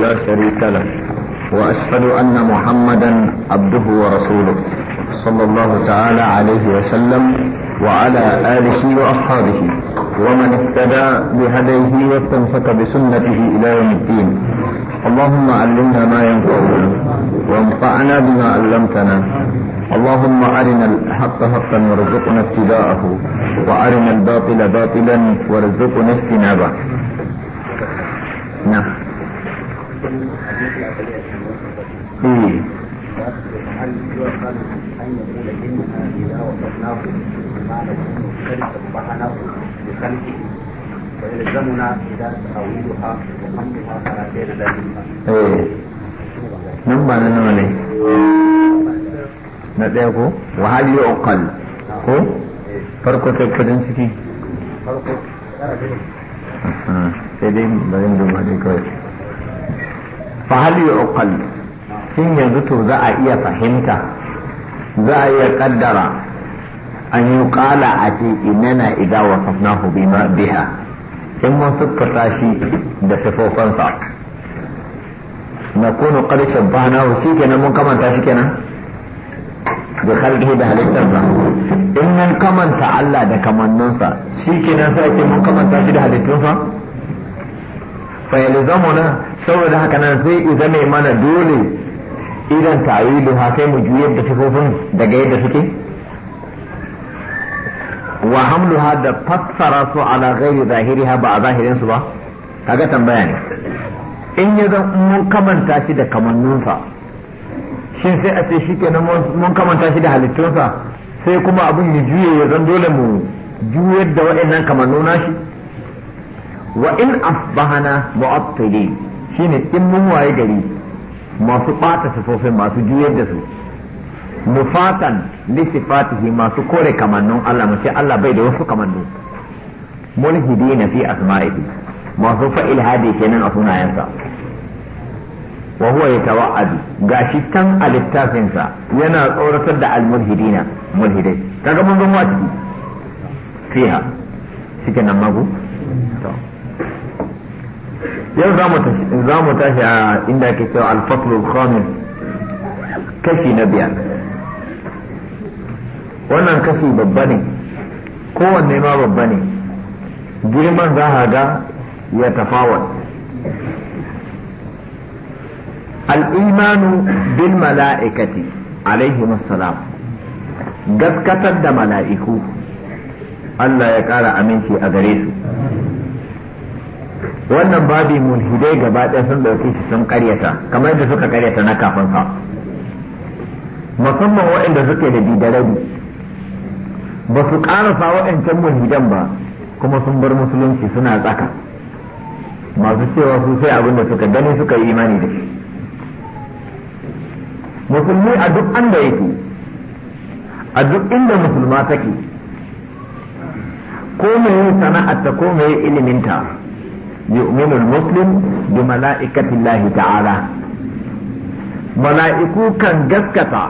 لا شريك له واشهد ان محمدا عبده ورسوله صلى الله تعالى عليه وسلم وعلى اله واصحابه ومن اهتدى بهديه واستمسك بسنته الى يوم الدين اللهم علمنا ما ينفعنا وانفعنا بما علمتنا اللهم ارنا الحق حقا وارزقنا اتباعه وارنا الباطل باطلا وارزقنا اجتنابه نعم أن يقول إنها إذا وصفناه بما نكون مختلفا فهناه بخلقه ba na Na ko? yi ko? Farko fa hal yuqal shin yanzu to za a iya fahimta za a iya kaddara an yi kala a ce inana idza wasafnahu ma biha in mun suka tashi da sifofansa na kunu qad shabbahnahu shi kenan mun kama tashi kenan da khalqihi da halittarsa in mun kamanta Allah da kamanninsa shi kenan sai ce mun kama tashi da halittunsa fa yalzamuna saboda haka nan sai iza mai mana dole idan tawilu ha sai mu juyar da sifofin daga yadda suke wa hamluha da fassara su ala ghairi zahiriha ba a zahirin su ba kaga tambaya ne in ya zan mun kamanta shi da kamannunsa shi sai a ce shi kenan mun kamanta shi da halittunsa sai kuma abin ya juye ya zan dole mu juyar da waɗannan kamannuna shi wa in asbahana mu'attili shine in mun waye gari masu su sifofin masu juyar da su nufatan sifatihi masu kore kamannun Allah mu Allah bai da wasu kamannu mulhidina fi asma'ihi masu fa'il hadi kenan a sunayensa wa huwa yatawa'adu gashi kan a littafinsa yana tsoratar da almulhidina mulhidai kaga mun ga ciki fiha cikin nan mago to yau za mu tashi a inda ke cewa alfaklul khamis kashi na biyar wannan kashi babba ne kowanne ma babba ne girman za a ga ya tafawar al'imanu bil mala'ikati alaihi salam gaskatar da mala'iku Allah ya ƙara aminci a gare su wannan babi mulhidai gaba ɗaya sun ɗauke shi sun karyata kamar da suka karyata na kafin sa musamman waɗanda suke da didarabi ba su ƙarasa waɗancan mulhidan ba kuma sun bar musulunci suna tsaka masu cewa su sai abin da suka gani suka yi imani da shi musulmi a duk anda yake a duk inda musulma take ko mai sana'arta ko mai iliminta يؤمن المسلم بملائكة الله تعالى ملائكو كان جسكتا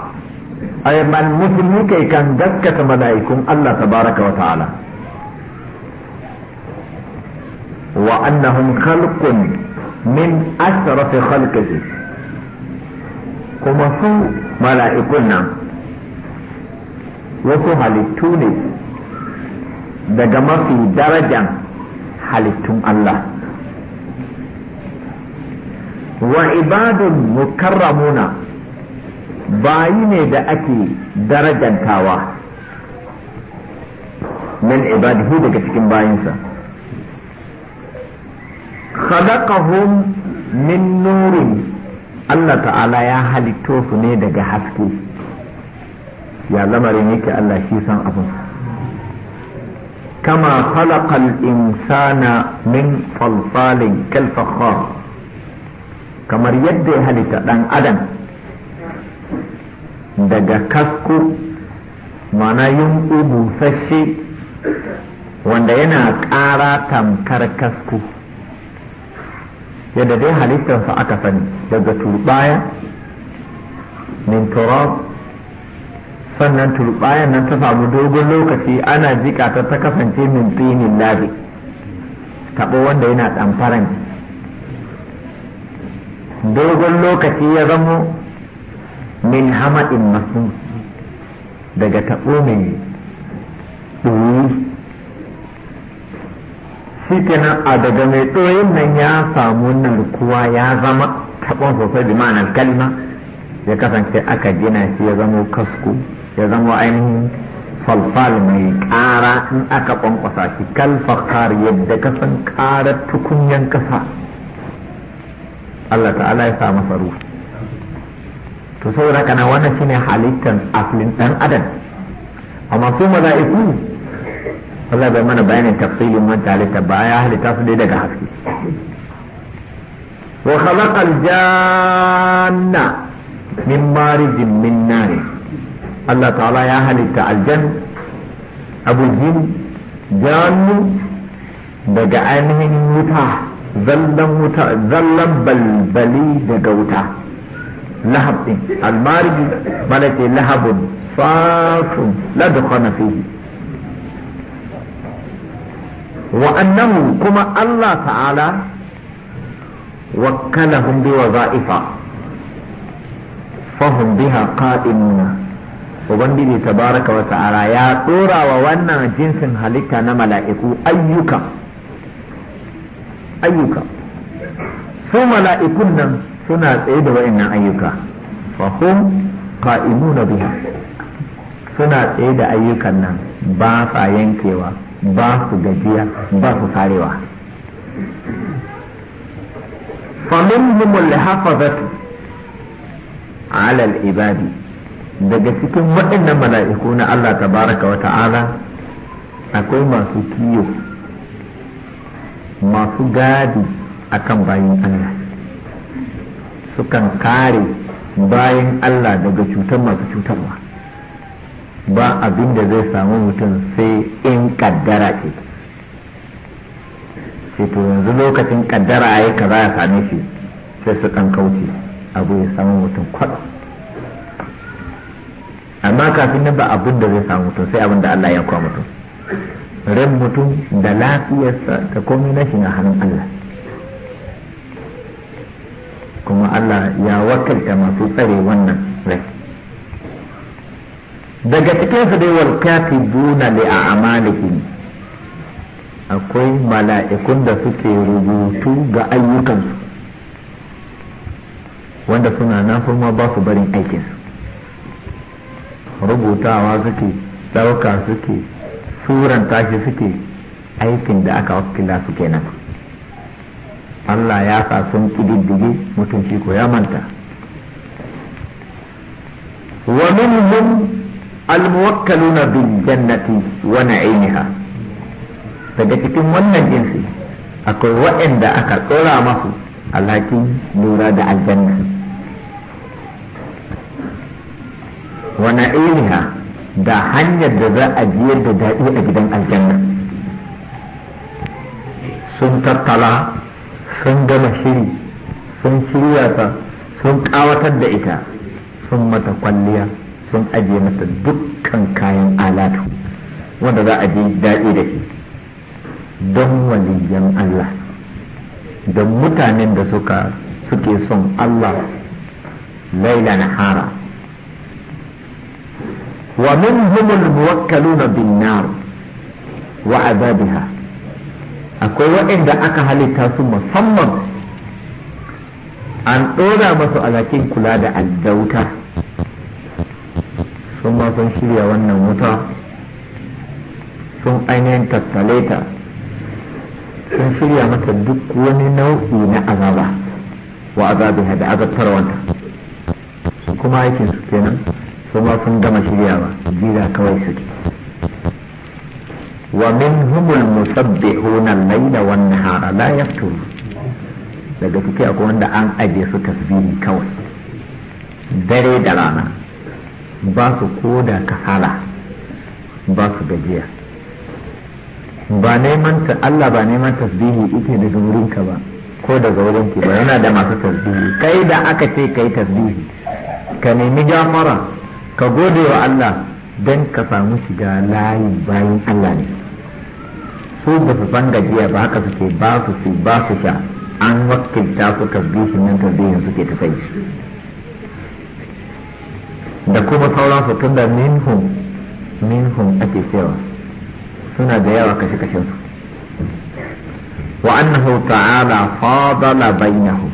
أي ما المسلم كي كان جسكتا ملائكم الله تبارك وتعالى وأنهم خلق من أشرف خلقه كما سو ملائكنا wasu halittu ne daga mafi darajan halittun Allah wa ibadun mukarramuna bayi ne da ake darajantawa min ibadihi daga cikin bayinsa khalaqahum min nurin Allah ta'ala ya halitto su ne daga haske ya lamarin yake Allah shi san abu kama khalaqal insana min falsalin kal fakhar kamar yadda ya halitta ɗan adam daga kasko mana yunƙu sashe wanda yana ƙara tamkar kasko yadda dai halittarsa aka sani daga turbaya min turab sannan turbayan nan ta samu dogon lokaci ana jiƙa ta ta kasance min tsinin labi taɓo wanda yana ɗamfaran dogon lokaci ya zamo min in masu daga taɓo mai ɗoyi shi kenan a daga mai ɗoyin nan ya samu narkuwa ya zama taɓon sosai bi ma'anar kalma ya kasance aka gina shi ya zamo kasko ya zamo ainihin falfal mai ƙara in aka ƙwanƙwasa shi kalfakar yadda kasan ƙarar tukunyan ƙasa Allah ta'ala ya sa masa ruhi to saboda kana wannan shine halittar aflin dan adam amma su mala'iku Allah bai mana bayanin tafsilin wanda halitta ba ya halitta su dai daga haske wa khalaqa al-janna min marijin min nar Allah ta'ala ya halitta aljanna abu jin jannu daga ainihin wuta zallan wuta zallan balbali daga wuta lahab din mana ce lahabun safun la dukhana fihi wa annahu kuma Allah ta'ala wakkalahum bi wadha'ifa fahum biha ubangiji tabaraka wa ta'ala ya tsora wa wannan jinsin halitta na mala'iku ayyuka ayyuka su mala'ikun nan suna tsaye da wayannan ayyuka fa hum qa'imuna biha suna tsaye da ayyukan nan ba sa yankewa ba su gajiya ba su sarewa فمنهم الحفظة على العباد daga cikin waɗannan mala'iku na Allah tabaraka wa ta'ala akwai masu kiyo masu gadi akan bayan Allah sukan kare bayan Allah daga cutar masu cutarwa ba abin da zai samu mutum sai in kaddara ke sai to yanzu lokacin kaddara ya kaza ya same shi sai su kan kauce abu ya samu mutum kwaɗa amma kafin nan ba abin da zai samu mutum sai abin da Allah ya kwa mutum ran mutum da lafiyarsa da komai na shi a hannun Allah kuma Allah ya wakilta masu tsare wannan rai daga cikin su dai wal da a a'malihim akwai mala'ikun da suke rubutu ga ayyukansu wanda suna nan kuma ba su barin aikinsu rubutawa suke ɗauka suke suranta shi suke aikin da aka wakila su kenan Allah ya sa sun kididdige mutunci ko ya manta wa minhum almuwakkaluna bil jannati wa na'imiha daga cikin wannan jinsi akwai waɗanda aka tsora masu alhakin lura da aljanna wa na'imiha da hanyar da za a biyar da daɗi a gidan aljanna sun tattala sun gama shiri sun shirya ta sun ƙawatar da ita sun mata kwalliya sun ajiye mata dukkan kayan alatu wanda za a ji daɗi da shi don waliyan Allah don mutanen da suka suke son Allah laila na hara ومنهم الموكلون بالنار وعذابها akwai waɗanda aka halitta su musamman an ɗora masu alakin kula da addauta sun ma sun shirya wannan wuta sun ainihin tattaleta, sun shirya mata duk wani nau'i na azaba wa azabiha da azabtarwanta kuma aikinsu kenan su ma sun gama shirya ba jira kawai suke wa min minhumul musabbihuna al-laila wan nahara la yafturu daga cikin akwai wanda an ajiye su tasbihi kawai dare da rana ba su koda kasala ba su gajiya ba neman ta Allah ba neman tasbihi ita daga ka ba ko daga wurin ki ba yana da masu tasbihi kai da aka ce kai tasbihi ka nemi jamara ka gode wa Allah don ka samu shiga layi bayan Allah ne su ba su san gajiya ba haka suke ba su su ba su sha an wakilta su tasbihin nan tasbihin suke ta kai da kuma sauran su tun da minhum minhum ake cewa suna da yawa kashe kashe su wa annahu ta'ala fadala bainahum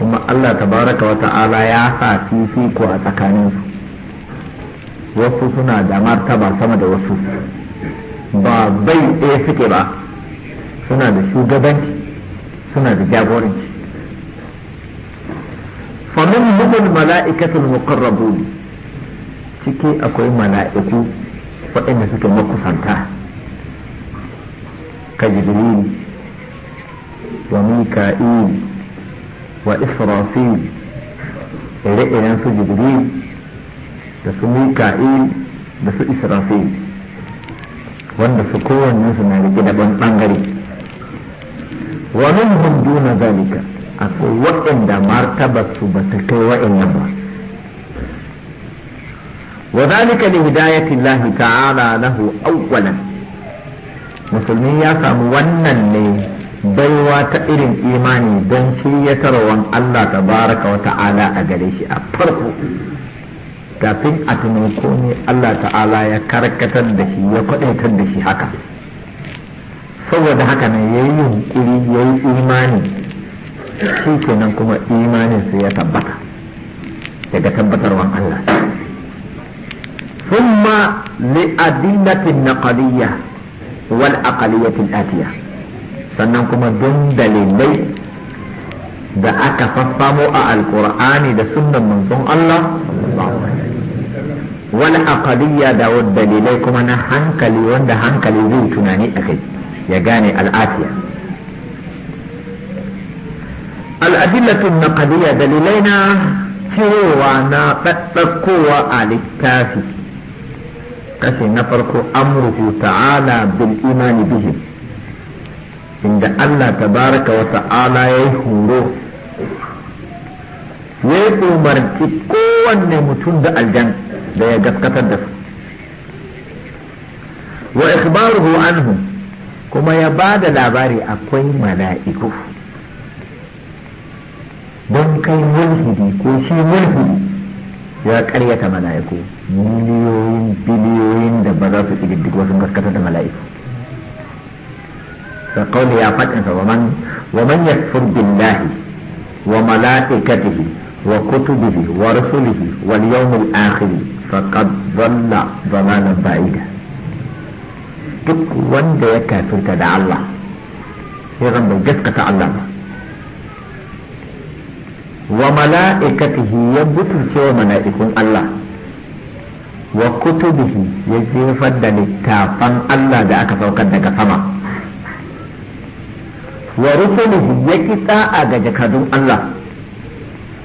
kuma Allah tabaraka wa ta'ala ya sa fifiko a tsakaninsu wasu suna da martaba sama da wasu ba bai ɗaya suke ba suna da shugabanci suna da jagoranci famin hukun mala'ikatul mukarrabu ciki akwai mala'iku waɗanda suke makusanta ka jibril wa mika'il wa israfil ire-iren su jibril da su mika'il da su israfil wanda su kowanne su na rike da bangare wa minhum duna zalika akwai waɗanda martabar su ba ta kai waɗannan ba wa zalika li hidayati Allah ta'ala lahu awwalan musulmi ya samu wannan ne baiwa ta irin imani don shiryatarwan Allah tabaraka wa ta'ala a gare shi a farko kafin a tuno ne Allah ta'ala ya karkatar da shi ya kwadaitar da shi haka saboda haka ne ya yi yunkuri ya yi imani shi kenan kuma sa ya tabbata daga tabbatarwan Allah ثم لأدلة النقلية والأقلية الآتية sannan kuma don dalilai da aka fassamo a Alƙur'ani da sunan manzon Allah wal aqaliyya da dalilai kuma na hankali wanda hankali zai tunani a kai ya gane al'afiya al'adillatun naqadiyya dalilai na cirowa na ɗaɗɗakowa a littafi kashi na farko amruhu ta'ala bil imani bihim inda Allah tabaraka wa ta'ala ya yi horo ya umarci kowanne mutum da aljanna da ya gaskatar da su wa ikhbaruhu anhu kuma ya ba da labari akwai mala'iku don kai mulhidi ko shi mulhidi ya karyata mala'iku miliyoyin biliyoyin da ba za su ƙididdigo wasu gaskatar da mala'iku da kawai ya faɗinsa wa man yakfur billahi wa mala'ikatihi wa kutubihi wa rusulihi wal yawmil akhir faƙad zalla dhalalan ba'ida duk wanda ya kafirta da Allah ya zama gaskata Allah ba wa mala'ikatihi ya butulce wa mala'ikun Allah wa kutubihi ya jefar da littafan Allah da aka saukar daga sama wa rusulihi ya ki a ga jakadun Allah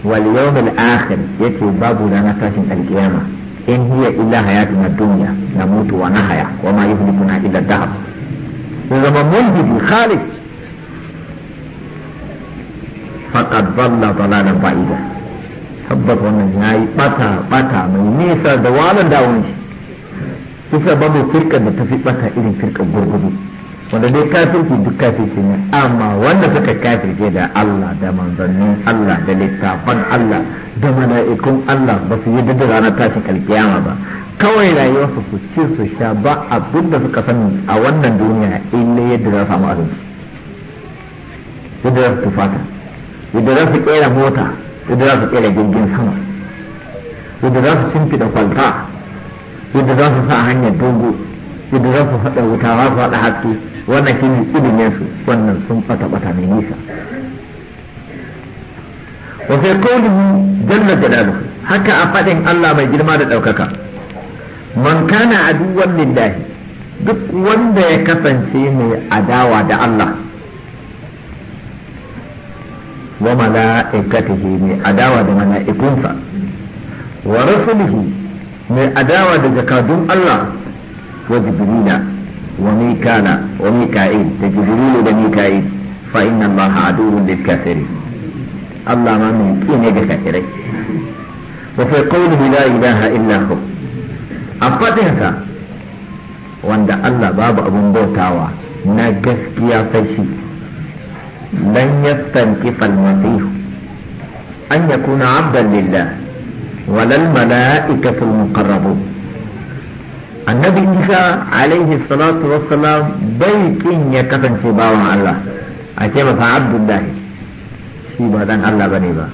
wal yawmil akhir yace babu rana tashin alkiyama in hira illa hayatuna dunya na mutu wa nahaya wa ma yuhlikuna illa dahab ya zama mulhidi khalid faqad dhalla dhalalan ba'ida tabbas wannan yayi bata bata mai nisa da walan da shi babu firkar da tafi bata irin firkar gurgudu wanda dai kafirci duk kafirci ne amma wanda suka kafirce da Allah da manzannin Allah da littafan Allah da mala'ikun Allah ba su yi duk ranar tashin alkiyama ba kawai rayuwarsu su ci su sha ba abin da suka sani a wannan duniya ille yadda za su samu abinci yadda za su tufata yadda za su kera mota yadda za su kera jirgin sama yadda za su shimfiɗa kwalta yadda za su sa hanyar dogo yadda za su faɗa wuta za su faɗa haske wannan shi ne ilimin su wannan sun bata bata mai nisa wa fi qawlihi jalla jalaluhu haka a fadin Allah mai girma da daukaka man kana aduwwan lillahi duk wanda ya kasance mai adawa da Allah wa mala'ikatihi mai adawa da mala'ikunsa wa rasulihi mai adawa da jakadun Allah wa jibrila wa mikala وميكائيل تجبريل ده فإن الله عدو للكافرين الله ما من كين كافرين وفي قوله لا إله إلا هو أفتحك وأن الله باب أبو بوتاوا نجس يا فشي لن يستنكف المسيح أن يكون عبدا لله ولا الملائكة المقربون annabi isa alaihi salatu wassalam bai kin ya kasance bawan Allah a ce masa abdullah shi ba dan Allah bane ba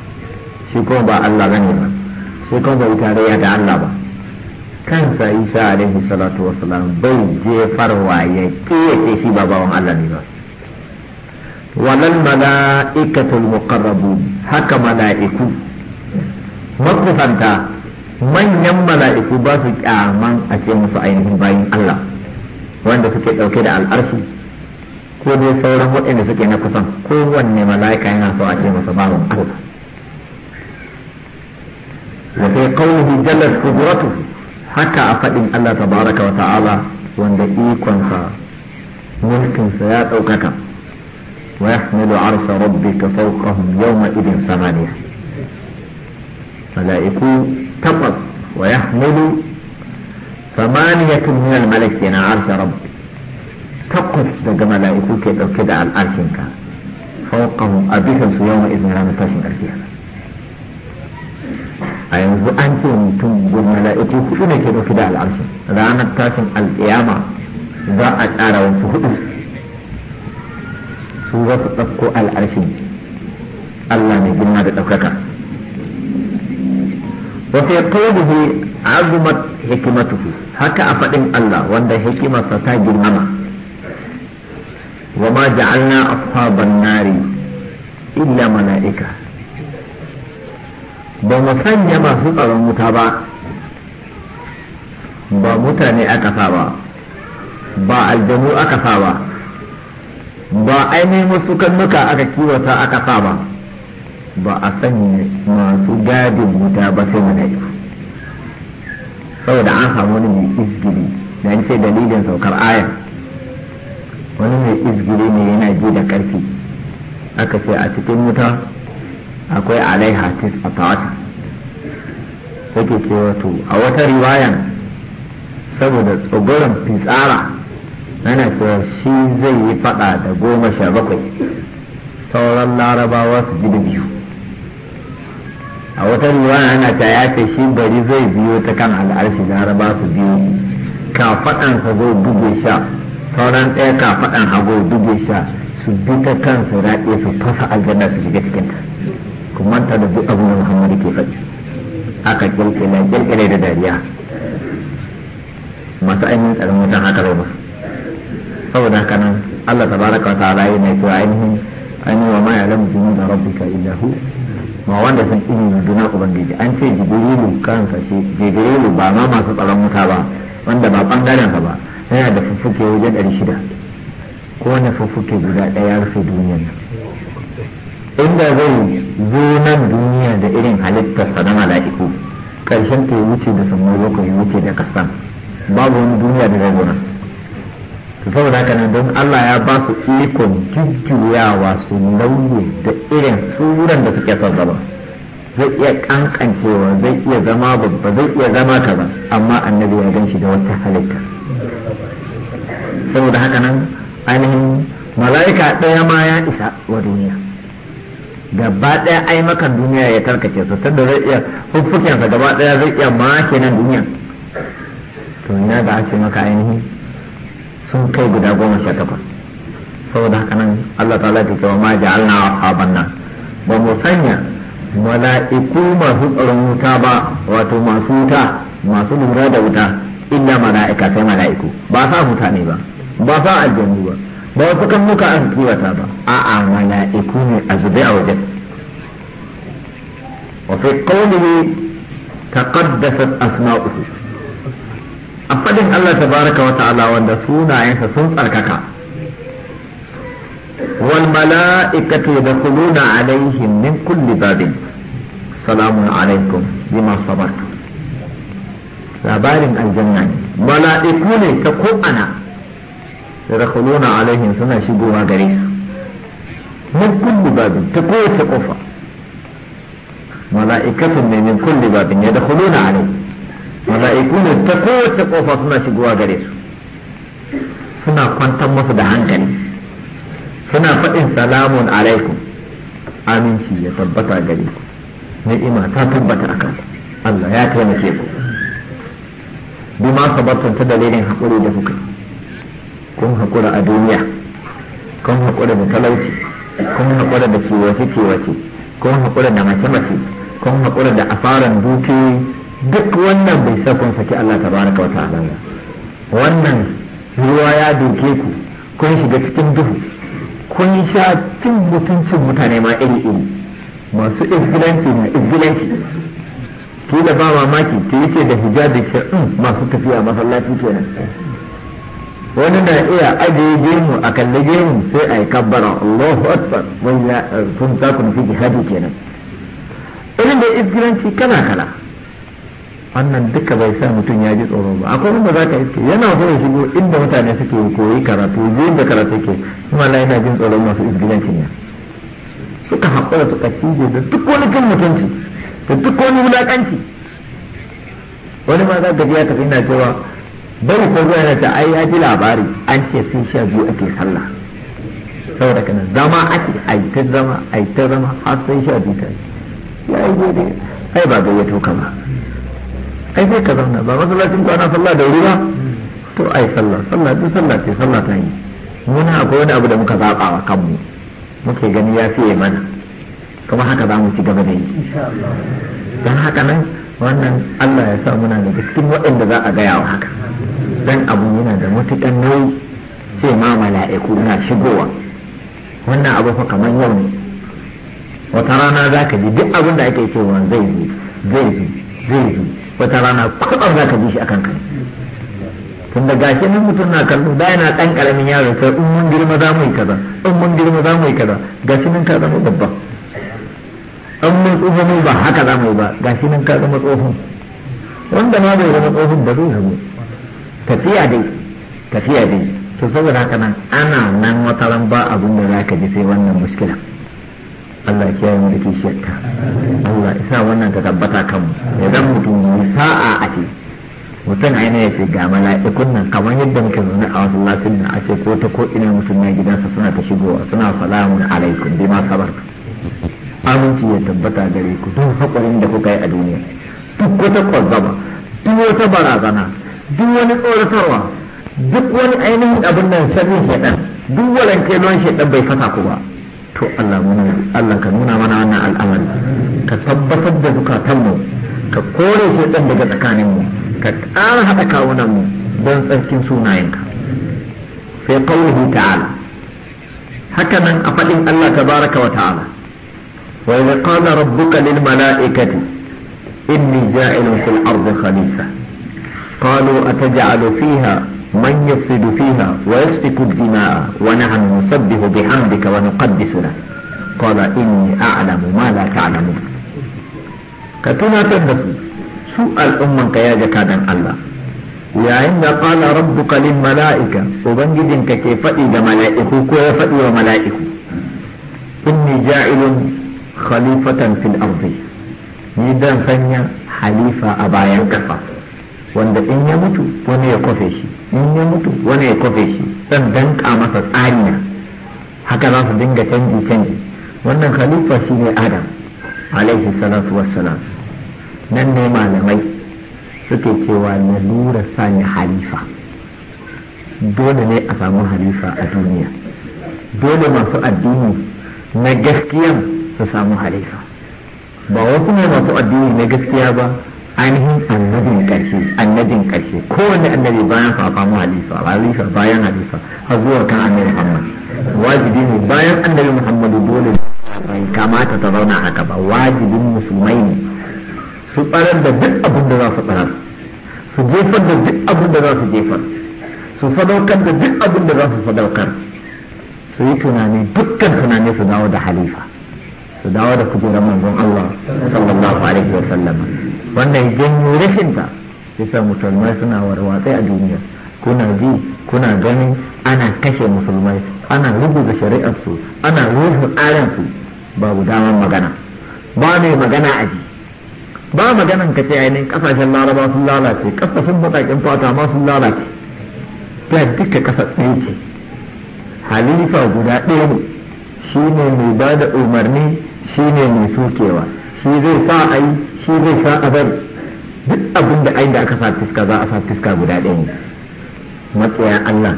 shi kuma ba Allah bane ba shi kuma bai tarayya da Allah ba kansa isa alaihi salatu wassalam bai jefarwa ya ki ya ce shi ba bawan Allah ne ba walal mala'ikatul muqarrabun haka mala'iku fanta. manyan mala'iku ba su kyaman a ce musu ainihin bayin Allah wanda suke ɗauke da al'arsu ko dai sauran waɗanda suke na kusan kowanne mala'ika yana so a ce masa bawan Allah wa sai qawluhu jalla qudratu haka a fadin Allah tabaraka wa ta'ala wanda ikonsa sa ya ɗaukaka wa yahmilu arsha rabbika fawqahum yawma idin samaniya mala'iku takwas wa ya mudu samaniyatun min al-malak kenan arsha rabb takwas daga ke dauke da al'arshinka fawqahu a bisan su yawan izin ranar tashin a yanzu an ce mutum gun mala'iku hudu ne ke dauke da al'arshin ranar tashin alƙiyama za a tsara wasu hudu su za ɗauko al'arshin Allah mai girma da ɗaukaka wa fa yaqulu azmat hikimatu haka a fadin Allah wanda hikimarsa ta girma wa ma ja'alna ashaban nari illa malaika ba mu sanya masu tsaron muta ba ba mutane aka fa ba ba aka fa ba ba ainihin musukan muka aka kiwata aka fa ba ba a sanya masu gadin wuta ba sai mala'iku saboda an samu wani mai izgiri da an ce dalilin saukar aya wani mai izgiri ne yana ji da ƙarfi aka ce a cikin wuta akwai alaiha hatis a tawata take ce wato a wata riwayan saboda tsogoron fitsara ana cewa shi zai yi fada da goma sha bakwai sauran larabawa su ji da biyu a wata ruwa ana ta ya ce shi bari zai biyo ta kan al'arshi ba su biyo kafaɗan sa zai buge sha sauran ɗaya kafaɗan hago duge sha su bi ta kan su raɗe su fasa aljanna su shiga cikin ta kuma ta da duk abin da muhammadu ke faɗi aka kirkira kirkira da dariya masu ainihin tsarin wutan haka bai saboda haka nan Allah tabaraka wa ta'ala yana cewa ainihin ainihin wa ma ya'lamu junuda rabbika illa hu ma wanda sun iri rundunar ubangiji an ce jibrilu kansa shi jibrilu ba ma masu tsaron wuta ba wanda ba bangaren ka ba yana da fuffuke wajen ɗari shida ko wani fuffuke guda ɗaya rufe duniyar inda zai zo nan duniya da irin halittar na mala'iku ƙarshen ta wuce da samuwa lokaci wuce da kasan babu wani duniya da zai zo nan saboda haka nan don Allah ya ba su ikon jujjuyawa su nauyi da irin suran da suke son zama zai iya kankancewa zai iya zama babba zai iya zama kaza amma annabi ya gan shi da wata halitta saboda haka nan ainihin mala'ika ɗaya ma ya isa wa duniya gaba ɗaya ai makan duniya ya karkace su tunda zai iya huffukensa gaba ɗaya zai iya ma kenan duniya to ina da ake maka ainihin sun kai guda goma sha takwas saboda haka nan Allah ta'ala ke cewa ma ja'alna ashaban nan ba mu sanya mala'iku masu tsaron wuta ba wato masu wuta masu lura da wuta illa mala'ika sai mala'iku ba sa mutane ba ba sa aljanu ba ba wasu kan muka an kiwata ba a'a mala'iku ne a zube a wajen wa fi qawlihi taqaddasat asma'uhu a faɗin Allah tabaraka wa ta'ala wanda sunayensa sun tsarkaka wal mala'ikatu yadkhuluna alaihim min kulli babin salamun alaikum bima sabartu labarin aljanna ne mala'iku ne ta ko ana yadkhuluna alaihim suna shigowa gare su min kulli babin ta kowace kofa mala'ikatun ne min kulli babin yadkhuluna alaihim mala'iku ne ta kowace kofa suna shigowa gare su suna kwantar musu da hankali suna faɗin salamun alaikum aminci ya tabbata gare ku ni'ima ta tabbata a kanta. Allah ya taimake ku bi ma ta dalilin haƙuri da kuka kun haƙura a duniya kun haƙura da talauci kun haƙura da ciwace-ciwace kun haƙura da mace-mace kun haƙura da asaran dukiyoyi duk wannan bai sa sakon saki Allah tabaraka wa ta'ala wannan ruwa ya doke ku kun shiga cikin duhu kun sha cin mutuncin mutane ma iri iri masu izgilanci na izgilanci kila ba mamaki ki yace da hijabi in hmm, masu tafiya masallaci kenan wani na iya ajiye gemu a kalli gemu sai a yi kabbara Allahu Akbar wani sun fi jihadi kenan irin da izgilanci kana kala wannan duka bai sa mutum ya ji tsoro ba akwai wanda za ka iske yana so ya shigo inda mutane suke koyi karatu je da karatu ke kuma na yana jin tsoron masu izgilanci ne suka haƙura suka cije da duk wani kan mutunci da duk wani wulaƙanci wani ma za ka ya tafi na cewa bari ko zuwa yana ta ai ya ji labari an ce sun sha biyu ake sallah saboda kana zama ake aitar zama aitar zama har sai sha biyu ta ya yi daidai ai ba gayyato ka ba ai sai ka zauna ba masallacin ku ana sallah da wuri ba to ai sallah sallah duk sallah ce sallah ta yi muna akwai wani abu da muka zaɓa wa kanmu muke gani ya fiye mana kuma haka za mu ci gaba da yi don haka nan wannan Allah ya sa muna da cikin waɗanda za a gaya wa haka dan abu yana da matuƙar nauyi ce ma mala'iku na shigowa wannan abu fa kamar yau ne wata rana za ka ji duk abin da ake cewa zai zo zai zo zai zo wata rana kwabar za ka ji shi akan kanka tunda da gashi nan mutum na kallo da yana ɗan ƙaramin yaro sai in mun girma za mu yi kaza in mun girma za mu yi kaza gashi nan ka zama babba in mun tsufa mu ba haka za mu yi ba gashi nan ka zama tsohon wanda ma bai zama tsohon ba zai zama tafiya dai tafiya dai to saboda haka nan ana nan wata ran ba abin da za ka ji sai wannan muskilan Allah ya kiyaye mu da kishiyarta Allah isa wannan ta tabbata kanmu idan mutum ya sa'a a ce mutum aina ya ce ga mala'ikun nan kamar yadda muke zaune a wasu lasin na ce ko ta ko ina mutum na gidansa suna ta shigowa suna salamun alaikum bi ma sabar aminci ya tabbata gare ku don haƙurin da kuka yi a duniya duk wata kwazzaba duk wata barazana duk wani tsoratarwa duk wani ainihin abin nan sabin shaɗan duk walan kelon shaɗan bai fasa ku ba to Allah muna Allah ka nuna mana wannan al'amari ka tabbatar da zukatan mu ka kore shi dan daga tsakanin mu ka ƙara haɗa kawunan mu don tsarkin sunayenka sai qawluhu ta'ala haka nan a faɗin Allah tabaraka wa ta'ala wa idza qala rabbuka lil mala'ikati inni ja'ilun fil ardi khalifa qalu ataj'alu fiha من يفسد فيها ويسفك الدماء ونحن نسبه بحمدك ونقدس لك قال إني أعلم ما لا تعلمون كتنا تدفو سوء الأمة كياجة كادن الله yayin da qala rabbuka lil mala'ika ubangijinka ke faɗi da mala'iku ko ya faɗi wa mala'iku inni ja'ilun khalifatan fil ardi ni dan sanya halifa a bayan kafa wanda in ya mutu wani ya kwafe shi in ya mutu wani ya kofe shi zan danka masa tsariya haka za su dinga canji canji wannan halifa shi ne adam alaihi salatu wassalam nan ne malamai suke cewa na lura sani halifa dole ne a samu halifa a duniya dole masu addini na gaskiya su samu halifa ba wasu ne masu addini na gaskiya ba ainihin annabin karshe annabin karshe kowane annabi bayan fafa mu halifa halifa bayan halifa har zuwa kan annabi muhammad wajibi ne bayan annabi muhammadu dole bai kamata ta zauna haka ba wajibin musulmai ne su tsaron da duk abin da za su barar su jefar da duk abin da za su jefar su sadaukar da duk abin da za su sadaukar su yi tunani dukkan tunani su dawo da halifa su dawo da kujerar manzon Allah sallallahu alaihi wa sallam wannan janyo rashin ta ya sa musulmai suna warwatsai a duniya kuna ji kuna ganin ana kashe musulmai ana rubuta shari'ar su ana rufe su babu damar magana ba mai magana a ji ba maganan ka ce ainihin kasashen laraba sun lalace kasashen baƙaƙen fata ma sun lalace ta duka kasa ɗaya ce halifa guda ɗaya ne shi ne mai ba da umarni shi ne mai sukewa shi zai sa a yi shi zai sa a bari duk abin da ai da aka sa fiska za a sa fiska guda ɗaya ne matsaya Allah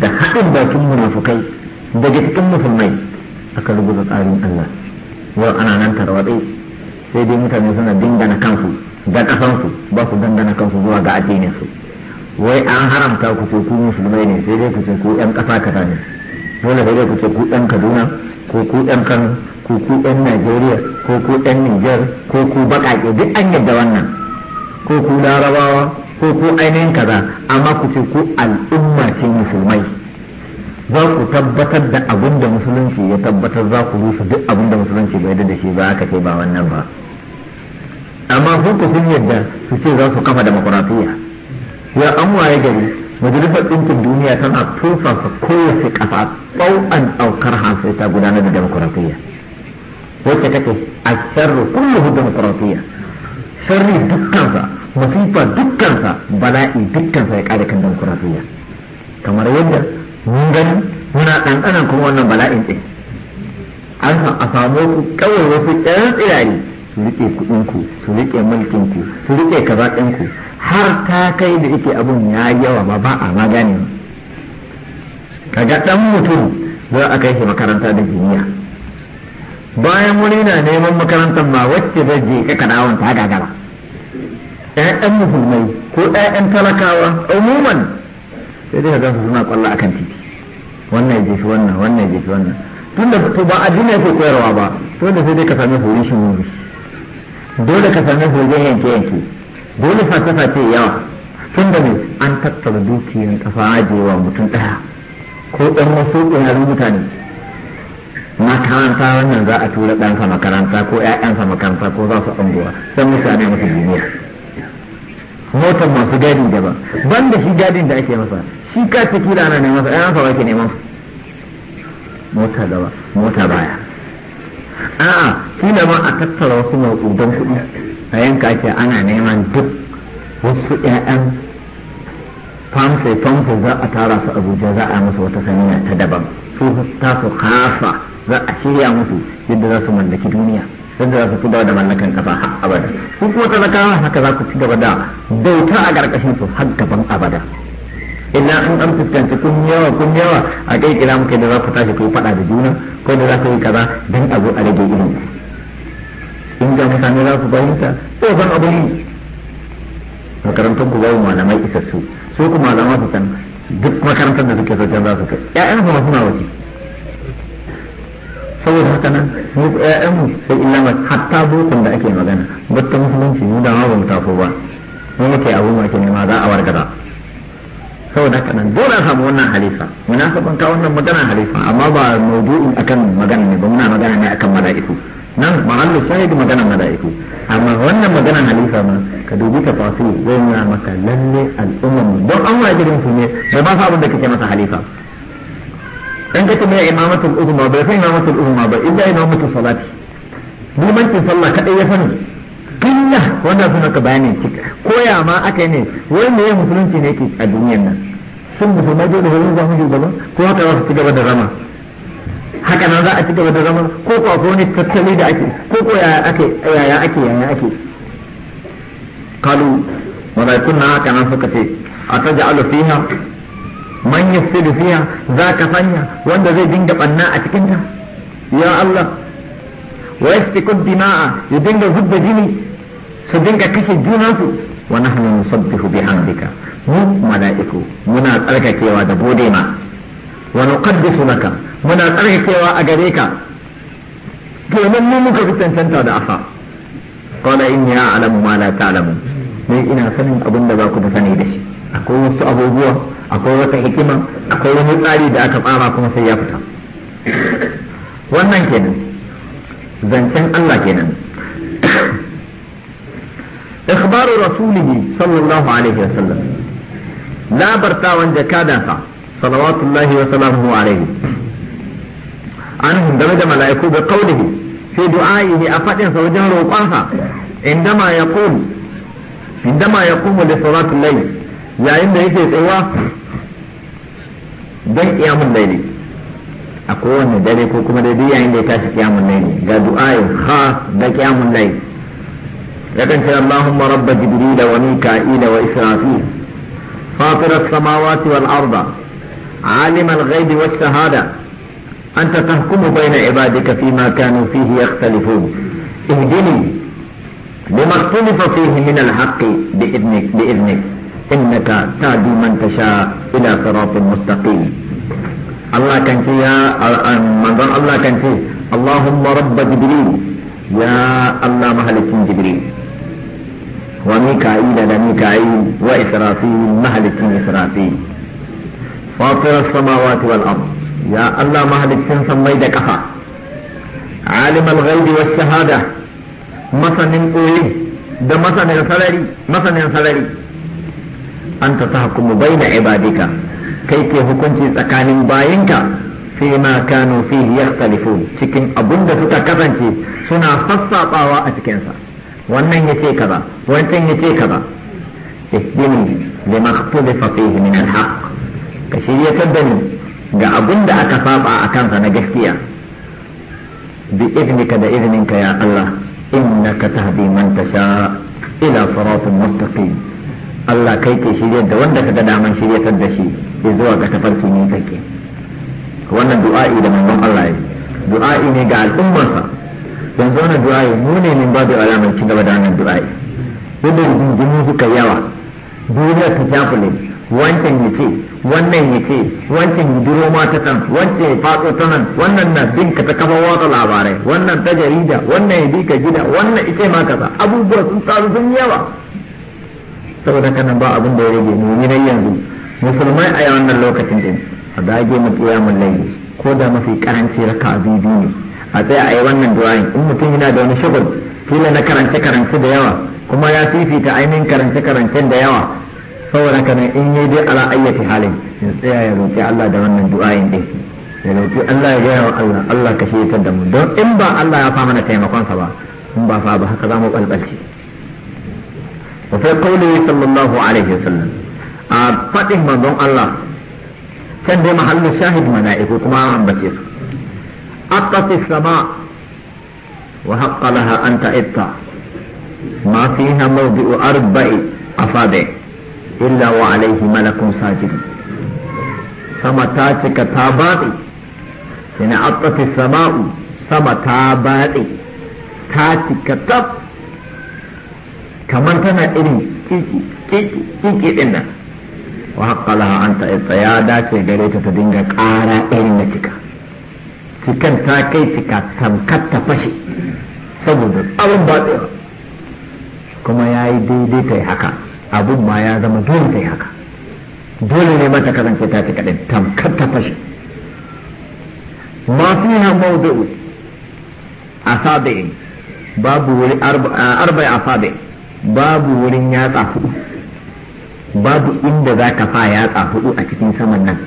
da haɗin bakin munafukai daga cikin musulmai aka rubuta tsarin Allah yau ana nan tarwatsai sai dai mutane suna dingana kansu da ƙasansu ba su dangana kansu zuwa ga addinin su wai an haramta ku ce ku musulmai ne sai dai ku ce ku yan ƙasa kaza ne dole sai dai ku ce ku yan Kaduna ko ku yan Kano ko ku ɗan najeriya ko ku ɗan nijar ko ku baƙaƙe duk an yadda wannan ko ku larabawa ko ku ainihin kaza amma ku ce ku al'umma ce musulmai za ku tabbatar da abin da musulunci ya tabbatar za ku rusa duk abin da musulunci bai da shi ba aka ce ba wannan ba amma ku sun yadda su ce za su kafa demokuraɗiyya ya an waye gari majalisar ɗinkin duniya tana tusa su kowace ƙasa ɗau'an ɗaukar hansu ta gudanar da demokuraɗiyya wacce take asharru kulluhu demokratiya sharri dukkansa masifa dukkansa bala'i dukkansa ya kare kan demokratiya kamar yadda mun gani muna ɗanɗanan kuma wannan bala'in ɗin an san a samu ku kawai wasu ɗan tsirari su riƙe ku su riƙe mulkinku su riƙe ku har ta kai da yake abun ya yawa ba ba a magani gane kaga ɗan mutum za a kai shi makaranta da jiniya bayan wani na neman makarantar ma wacce zai je ka kadawon ta gagara ƴaƴan musulmai ko ƴaƴan talakawa umuman sai dai ka su suna kwallo akan titi wannan je shi wannan wannan je shi wannan tun da to ba addini ke koyarwa ba to da sai dai ka same hori shi mu dole ka same hori yanke yanke dole falsafa ce yawa tun da ne an tattara dukiyar kasa ajewa mutum ɗaya ko ɗan wasu ƙwararrun mutane makaranta wannan za a tura ɗansa makaranta ko ‘ya'yansa makaranta ko za su ɗanguwa sun musu ana musu jiniya motar masu gadi daban ban da shi gadin da ake masa shi ka ta kila na neman sa ‘ya'yansa ba ke neman mota gaba mota baya a'a da ma a tattara wasu maƙudan kuɗi a yanka ce ana neman duk wasu ‘ya'yan famfe famfe za a tara su abuja za a yi musu wata saniya ta daban su ta su kafa za a shirya musu yadda za su mallaki duniya yadda za su ci gaba da mallakan kafa har abada ku kuma talakawa haka za ku ci gaba da bauta a ƙarƙashin su har gaban abada illa an an fuskanci kun yawa kun yawa a kai kira muke da za ku tashi ku faɗa da juna ko da za ku yi kaza dan abu a rage irin in ga mutane za ku fahimta ko san abin yi makarantar ku babu malamai isassu su kuma malama su san duk makarantar da suke so can za su kai ƴaƴan kuma suna waje saboda haka nan mu ƴaƴanmu sai illama hatta bukun da ake magana batta musulunci mu da ma ba mu ba mu muke abu mu ake nema za a wargaza saboda haka nan dole a samu wannan halifa munafiqan ka wannan magana halifa amma ba mawdu'in akan magana ne ba muna magana ne akan mala'iku nan mahallu shahid magana mala'iku amma wannan magana halifa ma ka dubi ka fasu zai nuna maka lalle al'umma don an wajirin su ne da ba su abin da kake masa halifa dan ka tambaya imamatul uzma bai san imamatul uzma ba illa imamatul salati limancin sallah kadai ya sani killa wanda suna ka bayani koya ma aka yi ne wai me musulunci ne ke a duniyar nan sun musulmai dole ne za mu gaba ko haka za su ci gaba da rama haka nan za a ci gaba da rama ko ko akwai wani tattali da ake ko ko yaya ake yaya ake yaya ake kalu malaikun na haka nan suka ce a ta ja'alu fiha man yufsidu fiha za ka fanya wanda zai dinga banna a cikin ta ya Allah wa yasfiku dima'a ya dinga zubda jini su dinga kashe juna junansu wa nahnu nusabbihu bihamdika mu mala'iku muna tsarkakewa da gode ma wa nuqaddisu laka muna tsarkakewa a gare ka domin mu muka fi cancanta da afa qala inni a'lamu ma la ta'lamun ni ina sanin abin da ba ku da sani da shi akwai wasu abubuwa akwai wata hikima akwai wani tsari da aka tsara kuma sai ya fita wannan kenan zancen Allah kenan ikhbaru rasulihi sallallahu alaihi wa sallam, wasallam labartawan jakadansa salawatullahi wa salamuhu alaihi anhum game da mala'iku bi qawlihi fi du'a'ihi a fadin sa wajen roƙonsa indama yaqul indama yaqumu li salatil layl yayin da yake tsayuwa don iyamun laili a kowane dare ko kuma duk yayin da ya tashi kiyamun laili ga du'ai ha da kiyamun laili yakan ce Allahumma rabba jibril wa mika'il wa israfil فاطر السماوات والأرض عالم الغيب والشهادة أنت تحكم بين عبادك فيما كانوا فيه يختلفون اهدني لما اختلف فيه من الحق بإذنك, بإذنك innaka ta'di ta tasha ila siratil mustaqim Allah Allah kan ce Allahumma rabb jibril ya Allah mahalikin jibril wa mika'ila da mika'i wa israfil mahalikin israfil fatir as-samawati wal ard ya Allah mahalikin samai da kafa alim al-ghaib shahada masanin qawi da masanin masanin salari an anta bai baina ibadika kai ke hukunci tsakanin bayinka fi ma kanu fihi yakhtalifun cikin abun da suka kasance suna sassaɓawa a cikinsa sa wannan yace kaza wancan yace kaza ihdini ma ikhtalafa fihi min al-haqq ka shiryatar da ni ga abun da aka saba a kansa na gaskiya bi idnika da idninka ya Allah innaka tahdi man tasha ila siratin mustaqim Allah kai ke shirya da wanda ga daman shiryatar da shi ya zuwa ga tafarki ne kake wannan du'a'i da manzon Allah ya du'a'i ne ga al'ummarsa yanzu wannan du'a'i mu ne min da alamar ci gaba da wannan du'a'i yadda rigingimu suka yawa duniya ta shafule wancan ya ce wannan ya ce wancan ya duro ma ta kan wancan ya faso ta nan wannan na binka ta kafa watsa labarai wannan ta jarida wannan ya bi ka gida wannan ita ma kasa, abubuwa sun tsaro sun yawa saboda kana ba abin da ya rage ne yi na yanzu musulmai a wannan lokacin din a dage mu kiyamun laili ko da mafi karanci raka biyu ne a tsaya a yi wannan du'a in mutum yana da wani shagul kila na karance karance da yawa kuma ya fifita ainihin karance karancen da yawa saboda kana in yi dai ala ayyati halin ya tsaya ya roƙi Allah da wannan du'a'in din ya roƙi Allah ya gaya wa Allah Allah ka shi da mu don in ba Allah ya fa mana taimakon sa ba in ba fa ba haka za mu wa fi qawlihi sallallahu alaihi wasallam a fadin manzon Allah kan dai mahallin shahid mala'iku kuma an bace su aqasi sama wa haqqa laha an ta'itta ma fiha mawdi'u arba'i afabi illa wa alaihi malakun sajid sama ta cika ta batsi yana sama ta ta kamar tana irin kiki din nan wa haƙƙalaha an ta ya dace gare ta ta dinga ƙara irin na cika cikan ta kai cika tamkar ta fashe saboda abin ba kuma ya yi daidai ta yi haka abin ma ya zama dole ta yi haka dole ne mata kasance ta cika ɗin tamkar ta fashe ma fi ha a asabi'in babu wuri a asabi'in babu wurin yatsa hudu babu inda za ka fa yatsa hudu a cikin saman nan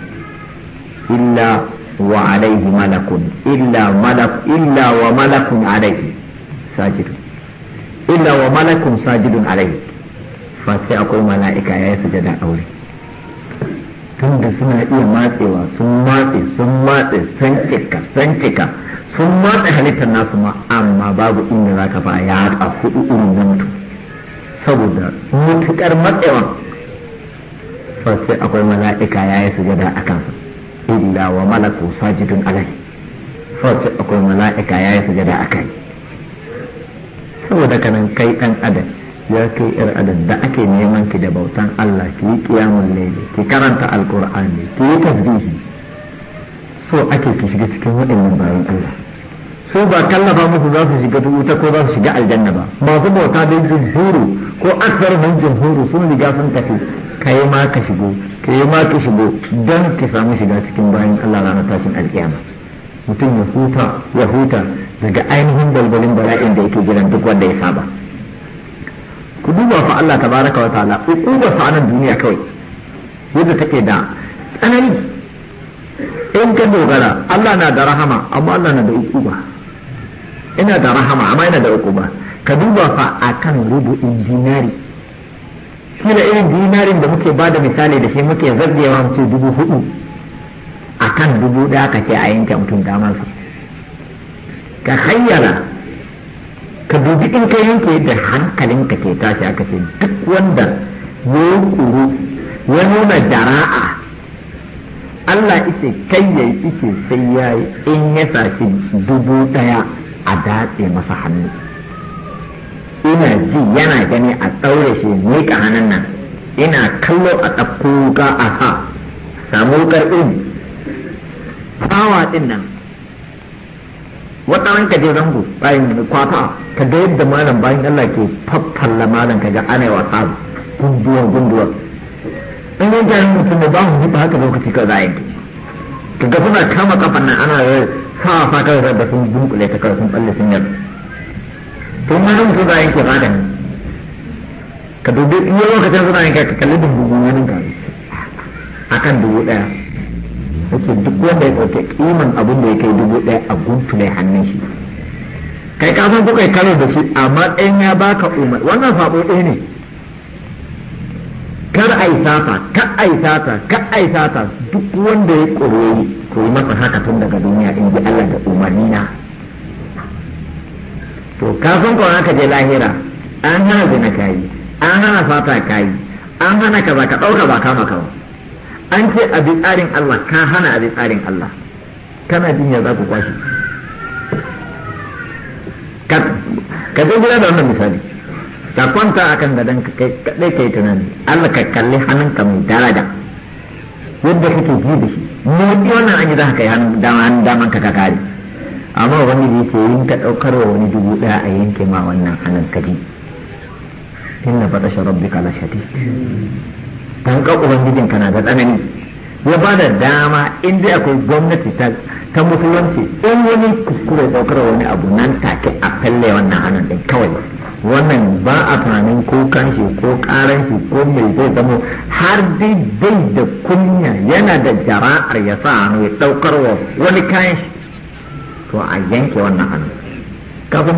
illa wa alaihi malakun illa malak illa wa malakun alaihi sajidun illa wa malakun sajidun alaihi fa sai akwai mala'ika ya yi sujada a tun tunda suna iya matsewa sun matse sun matse san cika sun cika sun matse halittar nasu ma amma babu inda za ka fa yatsa hudu irin na saboda mutukar matsewan sai akwai mala'ika ya yi sujada a kansa illa wa malaku sajidun alai sai akwai mala'ika ya yi sujada a kai saboda kanan kai ɗan adam ya kai yar adam da ake neman ki da bautan Allah ki yi kiyamun laili ki karanta alkur'ani ki yi tasbihi so ake ki shiga cikin waɗannan bayan Allah su ba tallafa musu za su shiga wuta ko za su shiga aljanna ba masu bauta da jumhuru ko aksar mun jumhuru sun riga sun tafi ka yi ma ka shigo ka ma ka shigo don ka samu shiga cikin bayan Allah ranar tashin alkiyama mutum ya huta ya huta daga ainihin balbalin bala'in da yake jiran duk wanda ya saba ku duba fa Allah tabaraka wa ta'ala ukubar fa anan duniya kawai yadda take da tsanani in ka dogara Allah na da rahama amma Allah na da ukuba ina da rahama amma ina da hukuma ka duba fa akan rubu'in dinari da irin dinarin da muke ba da misali da shi muke zargewa mutum dubu hudu a kan dubu daya ka ce a yanke mutum damar su ka hayyara ka dubi in ka yanke da hankalin ka ke tashi aka ce duk wanda ya kuru ya nuna dara'a Allah ita kai ya ike sai ya yi in ya sashi dubu daya a datse masa hannu ina ji yana gani a tsaure shi miƙa hannun nan ina kallo a ɗauko ga a ha samu ƙarfin fawa nan wata ranka je zango bayan kwata ka ga yadda malam bayan Allah ke faffalla malam ka ga ana yi wasa gunduwa gunduwa in yanke mutum da ba mu haka lokaci ka za yi. ka ga suna kama kafan nan ana sa fa kai da sun dunkule ta kai sun balle sun yar tun ma nan suna yin ba da ni ka dubi iya lokacin suna yin ka kalli dubu wani ka akan dubu daya yake duk wanda ya ɗauke kiman abin da ya kai dubu ɗaya a guntu guntule hannun shi kai ka san kuka yi karo da shi amma ɗayan ya baka umar wannan faɓo ɗaya ne kar ai sata kar ai sata kar ai sata duk wanda ya kore to yi masa haka tun daga duniya in ji Allah da umarni na to kafin ko haka je lahira an hana zina kayi an hana fata kayi an hana ka ka dauka ba kama kawo an ce a bi tsarin Allah ka hana a bi tsarin Allah kana duniya za ku kwashi ka dogara da wannan misali ka kwanta a kan gadon ka kai tunani Allah ka kalli hannunka mai daraja yadda kake ji da shi motsi wannan an yi za ka kai hannun daman ka kakari amma wani da yake yin ka ɗaukar wa wani dubu daya a yanke ma wannan hannun ka ji inna fatasha rabbika la shadid dan ka ubangijin kana da tsanani ya ba da dama in dai akwai gwamnati ta ta musulunci in wani kuskure ɗaukar wani abu nan take a kalle wannan hannun ɗin kawai wannan ba a tunanin ko kanshi ko karanshi ko mai zai zamo har dai bai da kunya yana da jara'ar ya sa hannu ya daukar wa wani kayan shi to a yanke wannan hannu kafin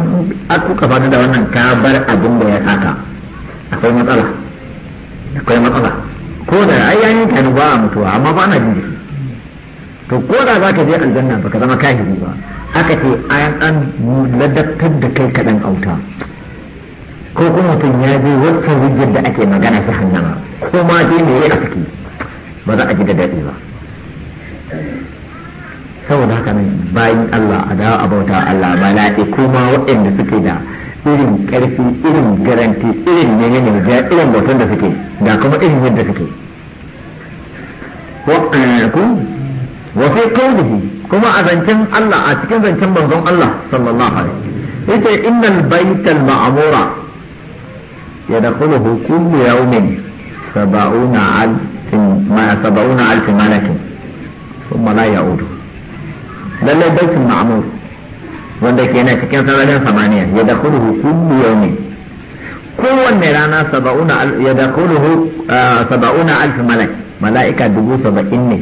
a kuka faɗi da wannan ka bar abin da ya saka akwai matsala akwai matsala ko da ai yayin ka ba a mutuwa amma ba na jin to ko da za ka je aljanna ka zama kahiri ba aka ce an an ladabtar da kai kaɗan auta ko kuma mutum ya je waccan rijiyar da ake magana ta hannama ko ma dai me ya ciki ba za a ji da daɗi ba saboda haka nan bayan Allah a dawo a bauta Allah ba lafi kuma waɗanda suke da irin ƙarfi irin garanti irin menene da irin bautan da suke da kuma irin yadda suke eh, wa fi qawlihi kuma a zancen Allah a cikin zancen manzon Allah sallallahu alaihi yace innal baytal ma'mura يدخله كل يوم سبعون ألف ما سبعون ألف ملك ثم لا يعود لله بيت المعمور wanda ke na cikin sararin samaniya ya da kulhu kullu yawmi kowanne rana saba'una ya da kulhu saba'una alf malak mala'ika dubu saba'in ne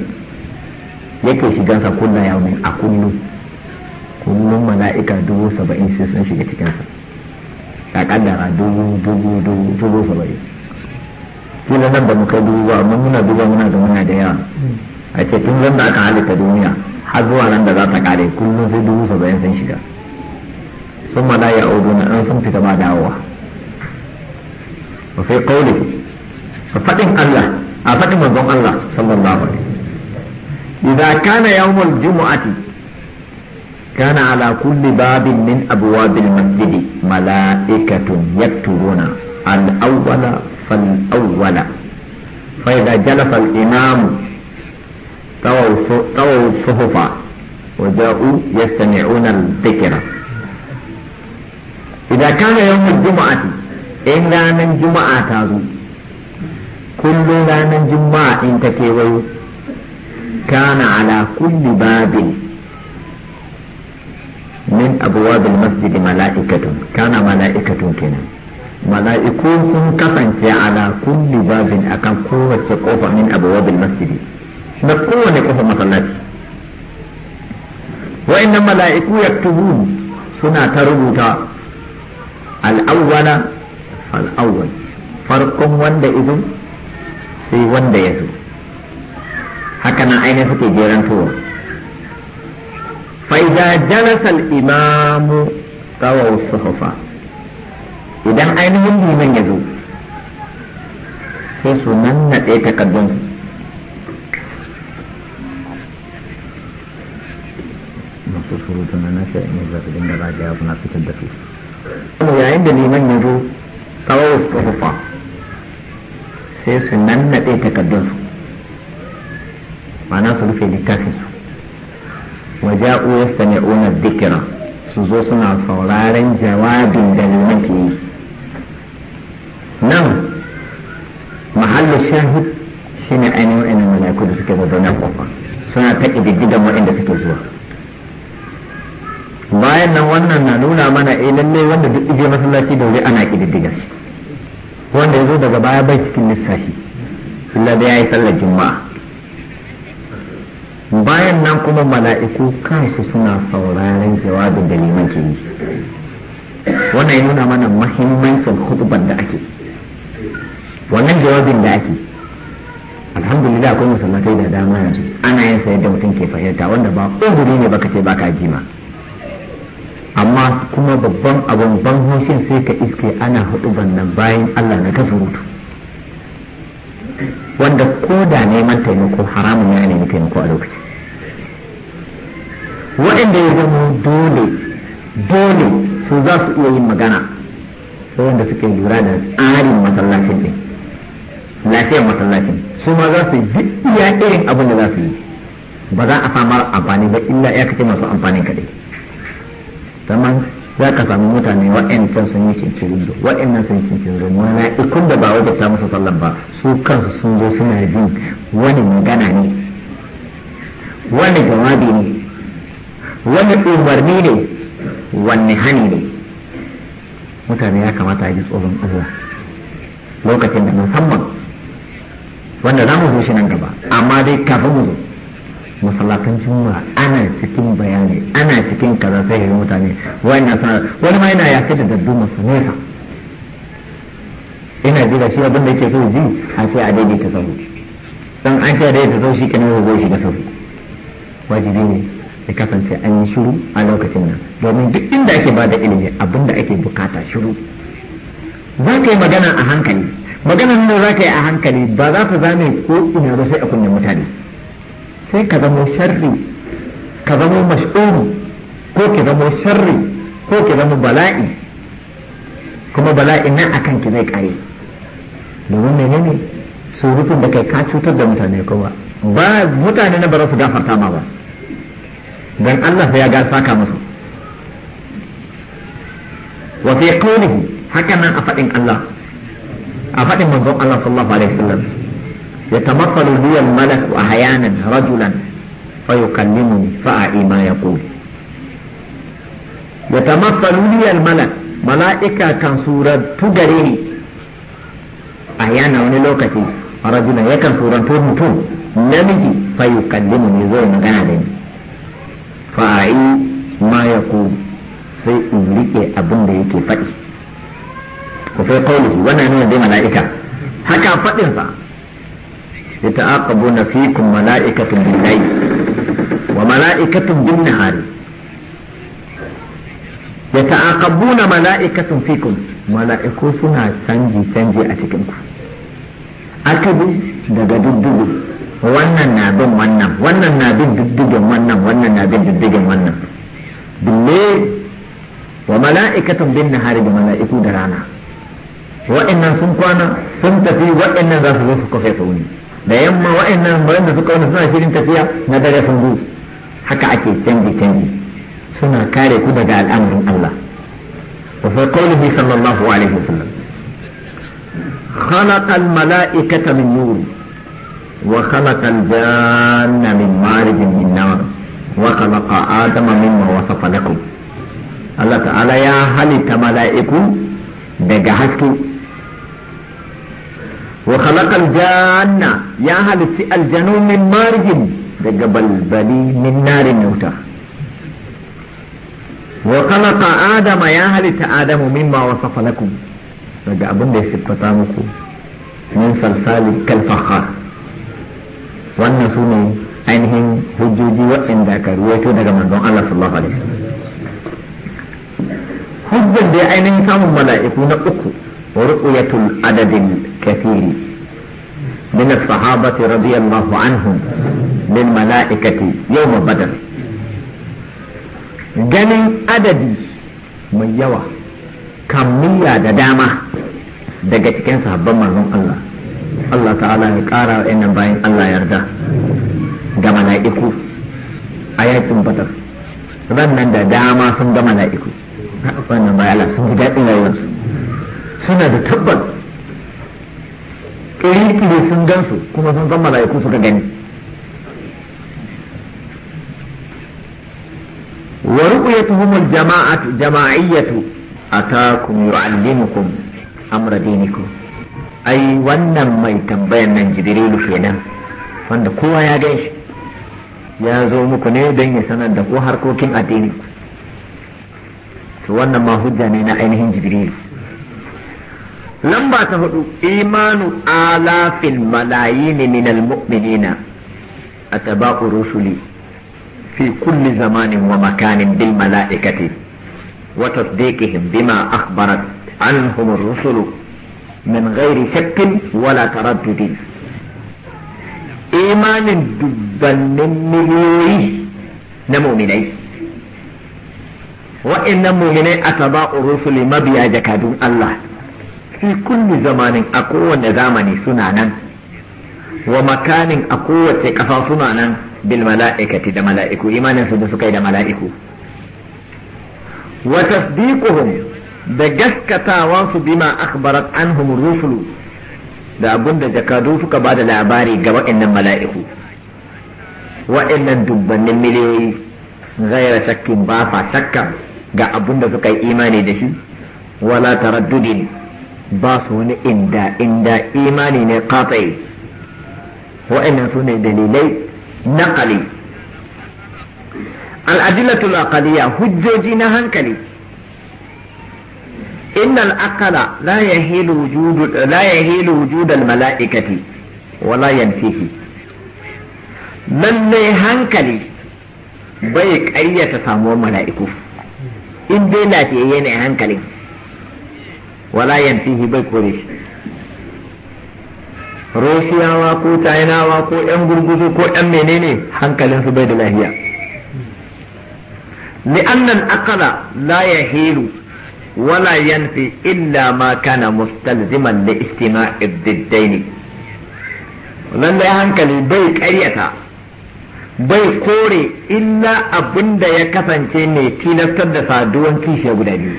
yake sa kullum yawmi a kullum kullum mala'ika dubu saba'in sai sun shiga cikin sa. a kaddara dubu dubu dubu dubu saba'in kila nan da mu kai dubu ba amma muna duba muna da muna da yawa hmm. a ce tun zan da aka halitta duniya har zuwa nan da za ta kare kullum sai dubu saba'in sun shiga sun ma la ya'uduna an sun fita ba dawowa وفي a faɗin الله أفتن من الله صلى الله عليه إذا كان يوم الجمعة كان على كل باب من أبواب المسجد ملائكة يكتبون الأول فالأول فإذا جلس الإمام طووا الصحف وجاءوا يستمعون الذكر إذا كان يوم الجمعة إن لا من جمعة كل لا من جمعة إن تكيوي كان على كل باب min abuwabil masjid mala'ikatun kana mala'ikatun kenan mala'iku sun kasance ala kulli babin akan kowace kofa min abuwabil masjid na kowane kofa masallaci wa'annan mala'iku yaktubun suna ta rubuta al'awwala al'awwal farkon wanda izo sai wanda ya zo haka nan aina suke jeran tuwa فإذا جلس الإمام طوى الصحفة إذا أينهم من يزول sai su nannaɗe takardun masu surutu na nasha in za su dinga zagaya suna fitar da su yayin da liman ya zo tsawon tsofa sai su nannaɗe takardun su ma'ana su rufe littafin su waja'u yastami'una dikira su zo suna sauraron jawabin da nake yi nan mahallu shahid shine ainihin wani malaku da suke zaɗa na suna ta ƙididdida ma'in da suke zuwa bayan nan wannan na nuna mana a lalle wanda duk masallaci da wuri ana ƙididdida shi wanda ya zo daga baya bai cikin lissafi sun lada ya yi sallar juma'a bayan nan kuma mala'iku kansu suna sauraron jawabin da liman ke yi wannan ya nuna mana mahimmancin hutubar da ake wannan jawabin da ake alhamdulillah akwai musallatai da dama yanzu ana yin sayar da mutum ke fahimta wanda ba ƙuduri ne baka ce baka jima amma kuma babban abin ban hoshin sai ka iske ana huɗuban nan bayan allah na ta surutu wanda ko da neman taimako haramun ya nemi taimako a lokaci waɗanda ya zama dole dole su za su iya yin magana sai wanda suke lura da tsarin masallacin ɗin lafiyar masallacin su ma za su yi duk iya irin abin da za su yi ba za a samar amfani ba illa ya kace masu amfanin kaɗai za ka samu mutane wa'ancan sun yi cincirin da wa'annan sun yi cincirin da na ikun da ba wajen ta musu sallan ba su kansu sun zo suna jin wani magana ne wani jawabi ne wani umarni ne wani hani ne mutane ya kamata a ji tsoron Allah lokacin da musamman wanda za mu zo shi nan gaba amma dai kafin mu zo masallatan juma ana cikin bayani ana cikin kaza sai yin mutane wani ma yana yafi da daddu masu nesa ina jira shi abin da yake so ji a sai a daidaita sahu dan an ce a daidaita sahu shi kenan shi shiga sahu wajibi ne ya kasance an yi shiru a lokacin nan domin duk inda ake ba da ilimi abin ake bukata shiru za ka yi magana a hankali maganar nan za ka yi a hankali ba za ka zame ko ina ba sai a kunne mutane sai ka zamo sharri ka zamo mash'um ko ki zamo sharri ko ki zamo bala'i kuma bala'i nan akan ki zai kare domin menene surutun da kai ka cutar da mutane kowa ba mutane na ba su gafarta ma ba dan Allah ya gafarta musu wa fi qawlihi haka nan a faɗin Allah a faɗin manzon Allah sallallahu alaihi wasallam يتمثل بي الملك أحيانا رجلا فيكلمني فأعي ما يقول يتمثل لي الملك ملائكة كان سورة تجريني أحيانا ونلوكتي رجلا يكن سورة تون namiji fayu kallimu ne zai magana da ni fa'a'i ma ya sai in rike abin yake faɗi ku sai kauli wannan nuna dai mala'ika haka faɗinsa yata'aqabuna fikum mala'ikatun bil layl wa mala'ikatun bin nahari yata'aqabuna mala'ikatun fikum mala'iku suna canji canji a cikin ku daga wannan na bin wannan wannan na bin diddigen wannan wannan na bin diddigen wannan bille wa mala'ikatan bin nahari da mala'iku da rana wa'annan sun kwana sun tafi wa'annan za su zo su kafe su wuni da yamma wa'annan bayan da suka wani suna shirin tafiya na dare sun zo haka ake canji canji suna kare ku daga al'amarin Allah wa fa qawlihi sallallahu alaihi wasallam خلق الملائكة من نور وخلق الجان من مارج من نار وخلق آدم مما وصف لكم الله تعالى يا هل ملائكة دقى حسكي wa khalaqal janna ya halitti aljanu min marjin daga balbali min narin wuta wa khalaqa adama ya halitta adamu mimma wasafa falaku daga abin da ya siffata muku min salsali kalfakhar wannan su ainihin hujjoji waɗanda ka ruwaito daga manzon Allah sallallahu alaihi wasallam hujjar da ya ainihin samun mala'iku na uku ورؤية العدد الكثير من الصحابة رضي الله عنهم للملائكة يوم بدر جني عدد من يوى كمية دامة daga cikin sahabban manzon Allah Allah ta'ala ya ƙara wa'annan bayan Allah yarda ga mala'iku a yakin badar ran nan da dama sun ga mala'iku wannan bayan sun ji daɗin rayuwarsu suna da tabbas ƙiri sun gansu kuma sun san mala'iku suka gani wa ru'yatuhum al-jama'atu jama'iyyatu atakum yu'allimukum amra dinikum ai wannan mai tambayan nan jibrilu kenan wanda kowa ya gan shi ya zo muku ne don ya sanar da ku harkokin addini to wannan ma hujja ne na ainihin jibrilu lamba ta hudu imanu alafin malayini min almu'minina atba'u rusuli fi kulli zamanin wa makanin bil mala'ikati wa tasdiqihim bima akhbarat anhum ar-rusulu min ghairi shakkin wala taraddudin imanin dubbannin miliyoyi na muminai wa'annan muminai atba'u rusuli mabiya jakadun Allah fi kulli zamanin a kowane zamani suna nan wa makanin a kowace ƙasa suna nan bil mala'ikati da mala'iku imanin su da suka yi da mala'iku wa tasdiquhum da gaskatawan su bima akhbarat anhum rusulu da abun da jakadu suka ba da labari ga waɗannan mala'iku waɗannan dubbannin miliyoyi gaira shakkin ba fa shakka ga abun da suka yi imani da shi wala taraddudin ba su wani inda inda imani ne katsaye wa'annan su ne dalilai na ƙali al'adilatul aqaliyya hujjoji na hankali inna al'akala la ya hilu wujud al-mala'ikati wala yanfihi lalle hankali bai ƙayyata samuwar mala'iku in dai lafiyayye ne hankalin hankali wala yantihi bai kore shi rosiyawa ko wa ko yan gurguzu ko yan menene su bai da lahiya li'annan akala la yahilu ma kana mustalziman li istima'i ad لاجتماع الضدين da hankali bai ƙaryata bai kore illa abinda ya kasance ne tilastar da saduwan kishiya guda biyu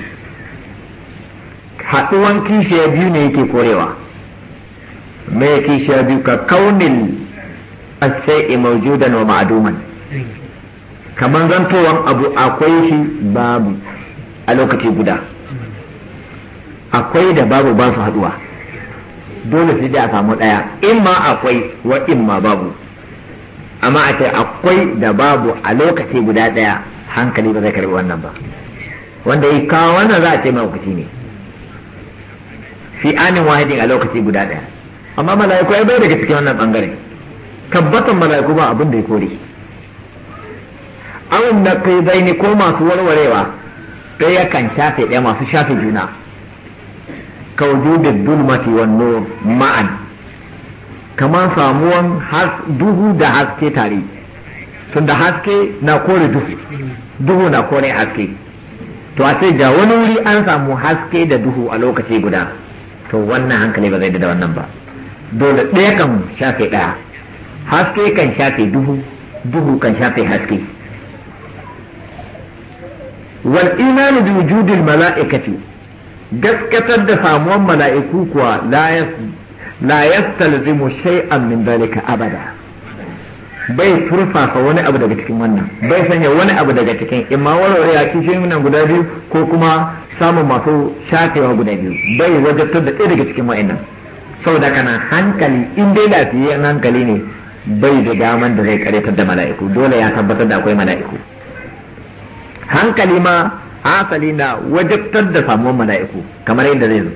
haɗuwan kishiya biyu ne yake korewa mai kishiya biyu ka kaunin asai'i maujudan wa ma'aduman kamar zantowan abu akwai shi babu a lokaci guda akwai da babu ba su haɗuwa dole sai da a samu ɗaya in ma akwai wa in ma babu amma a ce akwai da babu a lokaci guda ɗaya hankali ba zai karɓi wannan ba wanda ya kawo wannan za a ce mahaukaci ne fi anin wahidin a lokaci guda ɗaya amma mala'iku ai bai daga cikin wannan bangare tabbatan mala'iku ba abin da ya kore awon da kai ne ko masu warwarewa ɗaya kan shafe ɗaya masu shafe juna da dulmati wannan ma'an kamar samuwan duhu da haske tare tunda haske na kore duhu duhu na kore haske to a sai ga wani wuri an samu haske da duhu a lokaci guda to wannan hankali ba zai da wannan ba dole ɗaya kan shafe ɗaya haske kan shafe duhu duhu kan shafe haske wal imanu bi wujudil mala'ikati gaskatar da samuwan mala'iku kuwa la yastalzimu shay'an min dalika abada bai furfafa wani abu daga cikin wannan bai sanya wani abu daga cikin imma warware ya kishin nan guda biyu ko kuma samun masu shafewa guda biyu bai wajabtar da ɗaya daga cikin wa'annan da kana hankali in dai lafiyayyen hankali ne bai da daman da zai karetar da mala'iku dole ya tabbatar da akwai mala'iku hankali ma asali na wajabtar da samuwar mala'iku kamar yadda zai zo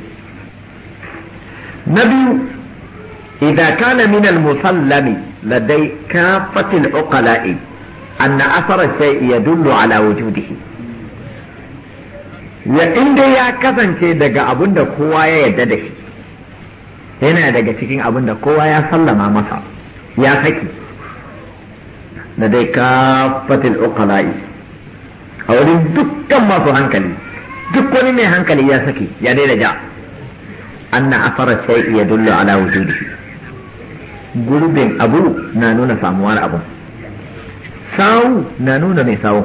na biyu idan kana minal musallami لدي كافة العقلاء أن أثر الشيء يدل على وجوده ya inda ya kasance daga abin kowa ya yarda da shi yana daga cikin abin da kowa ya sallama masa ya saki da dai kafatil uqala'i a wurin dukkan masu hankali duk wani mai hankali ya saki ya daina ja anna asara shay'i yadullu ala wujudihi gurbin abu na nuna samuwar abu sawu na nuna mai sawu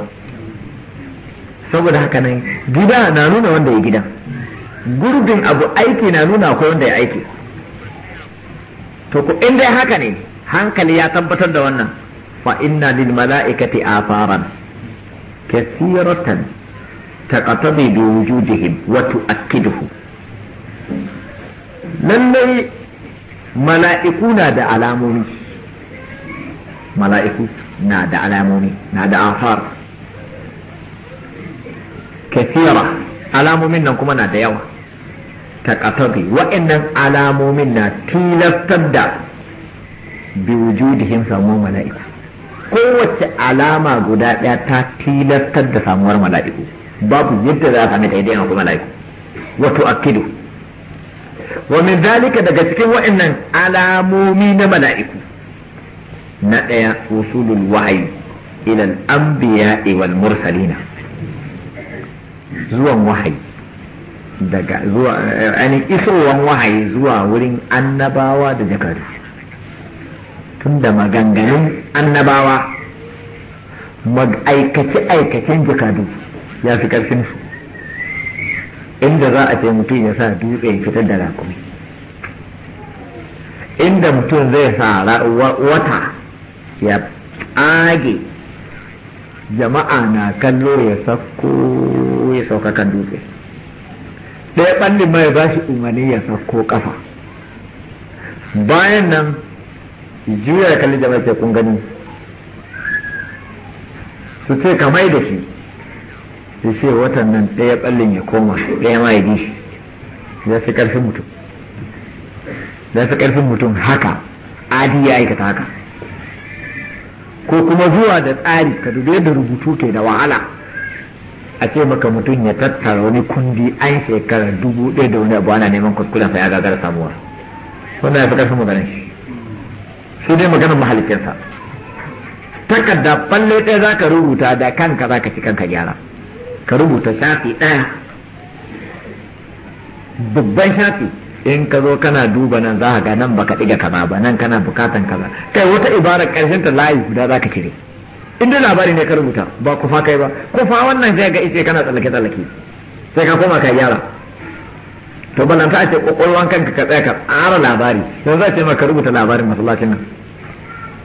saboda haka nan gida na nuna wanda ya gida gurbin abu aiki na nuna akwai wanda ya aiki to ku in dai haka ne hankali ya tabbatar da wannan fa inna lil mala'ikati afaran kathiratan taqatabi bi wujudihim wa tu'akkiduhu lallai mala'iku na da alamomi mala'iku na da alamomi na da afar kafira alamomin nan kuma na da yawa ta ƙasabi wa'annan alamomin na tilastar da biwujudihim samuwar mala'iku kowace alama guda ɗaya ta tilastar da samuwar mala'iku babu yadda za a sami daidai ga mala'iku wato akidu wa daga cikin waɗannan alamomi na mala'iku na ɗaya usulul wahayi ilal al-anbiya wal mursalina zuwan zuwa ani isowan wahayi zuwa wurin annabawa da jakadu tun maganganun annabawa aikace-aikacen jakadu ya fi ƙarfin inda za a ce mutum ya sa dutse ya fitar da rakumi inda mutum zai sa wata ya tsage jama'a na kallo ya sauko ya sauka kan dutse ɗaya ɓalli mai ba shi umarni ya sauko ƙasa bayan nan juya kalli jama'a ke kun gani su ce ka mai da shi sai ce watan nan ɗaya ɓallin ya koma ɗaya ma ya gishi ya fi ƙarfin mutum ya fi ƙarfin mutum haka adi ya aikata haka ko kuma zuwa da tsari ka da da rubutu ke da wahala a ce maka mutum ya tattara wani kundi an shekara dubu ɗaya da wani abu ana neman kuskurensa ya gagara samuwa wannan ya fi ƙarfin maganin shi sai dai maganin mahalicinsa takarda falle ɗaya za ka rubuta da kanka za ka ci kanka gyara ka rubuta shafi ɗaya babban shafi in ka zo kana duba nan za ga nan baka ɗiga kaza ba nan kana bukatan kaza kai wata ibara ƙarshen ta layi guda za ka cire in dai labari ne ka rubuta ba kufa kai ba kufa wannan sai ga ice kana tsallake tsallake sai ka koma ka gyara to balanta a ce kwakwalwan kanka ka tsaya ka tsara labari yanzu a ce ma ka rubuta labarin masallacin nan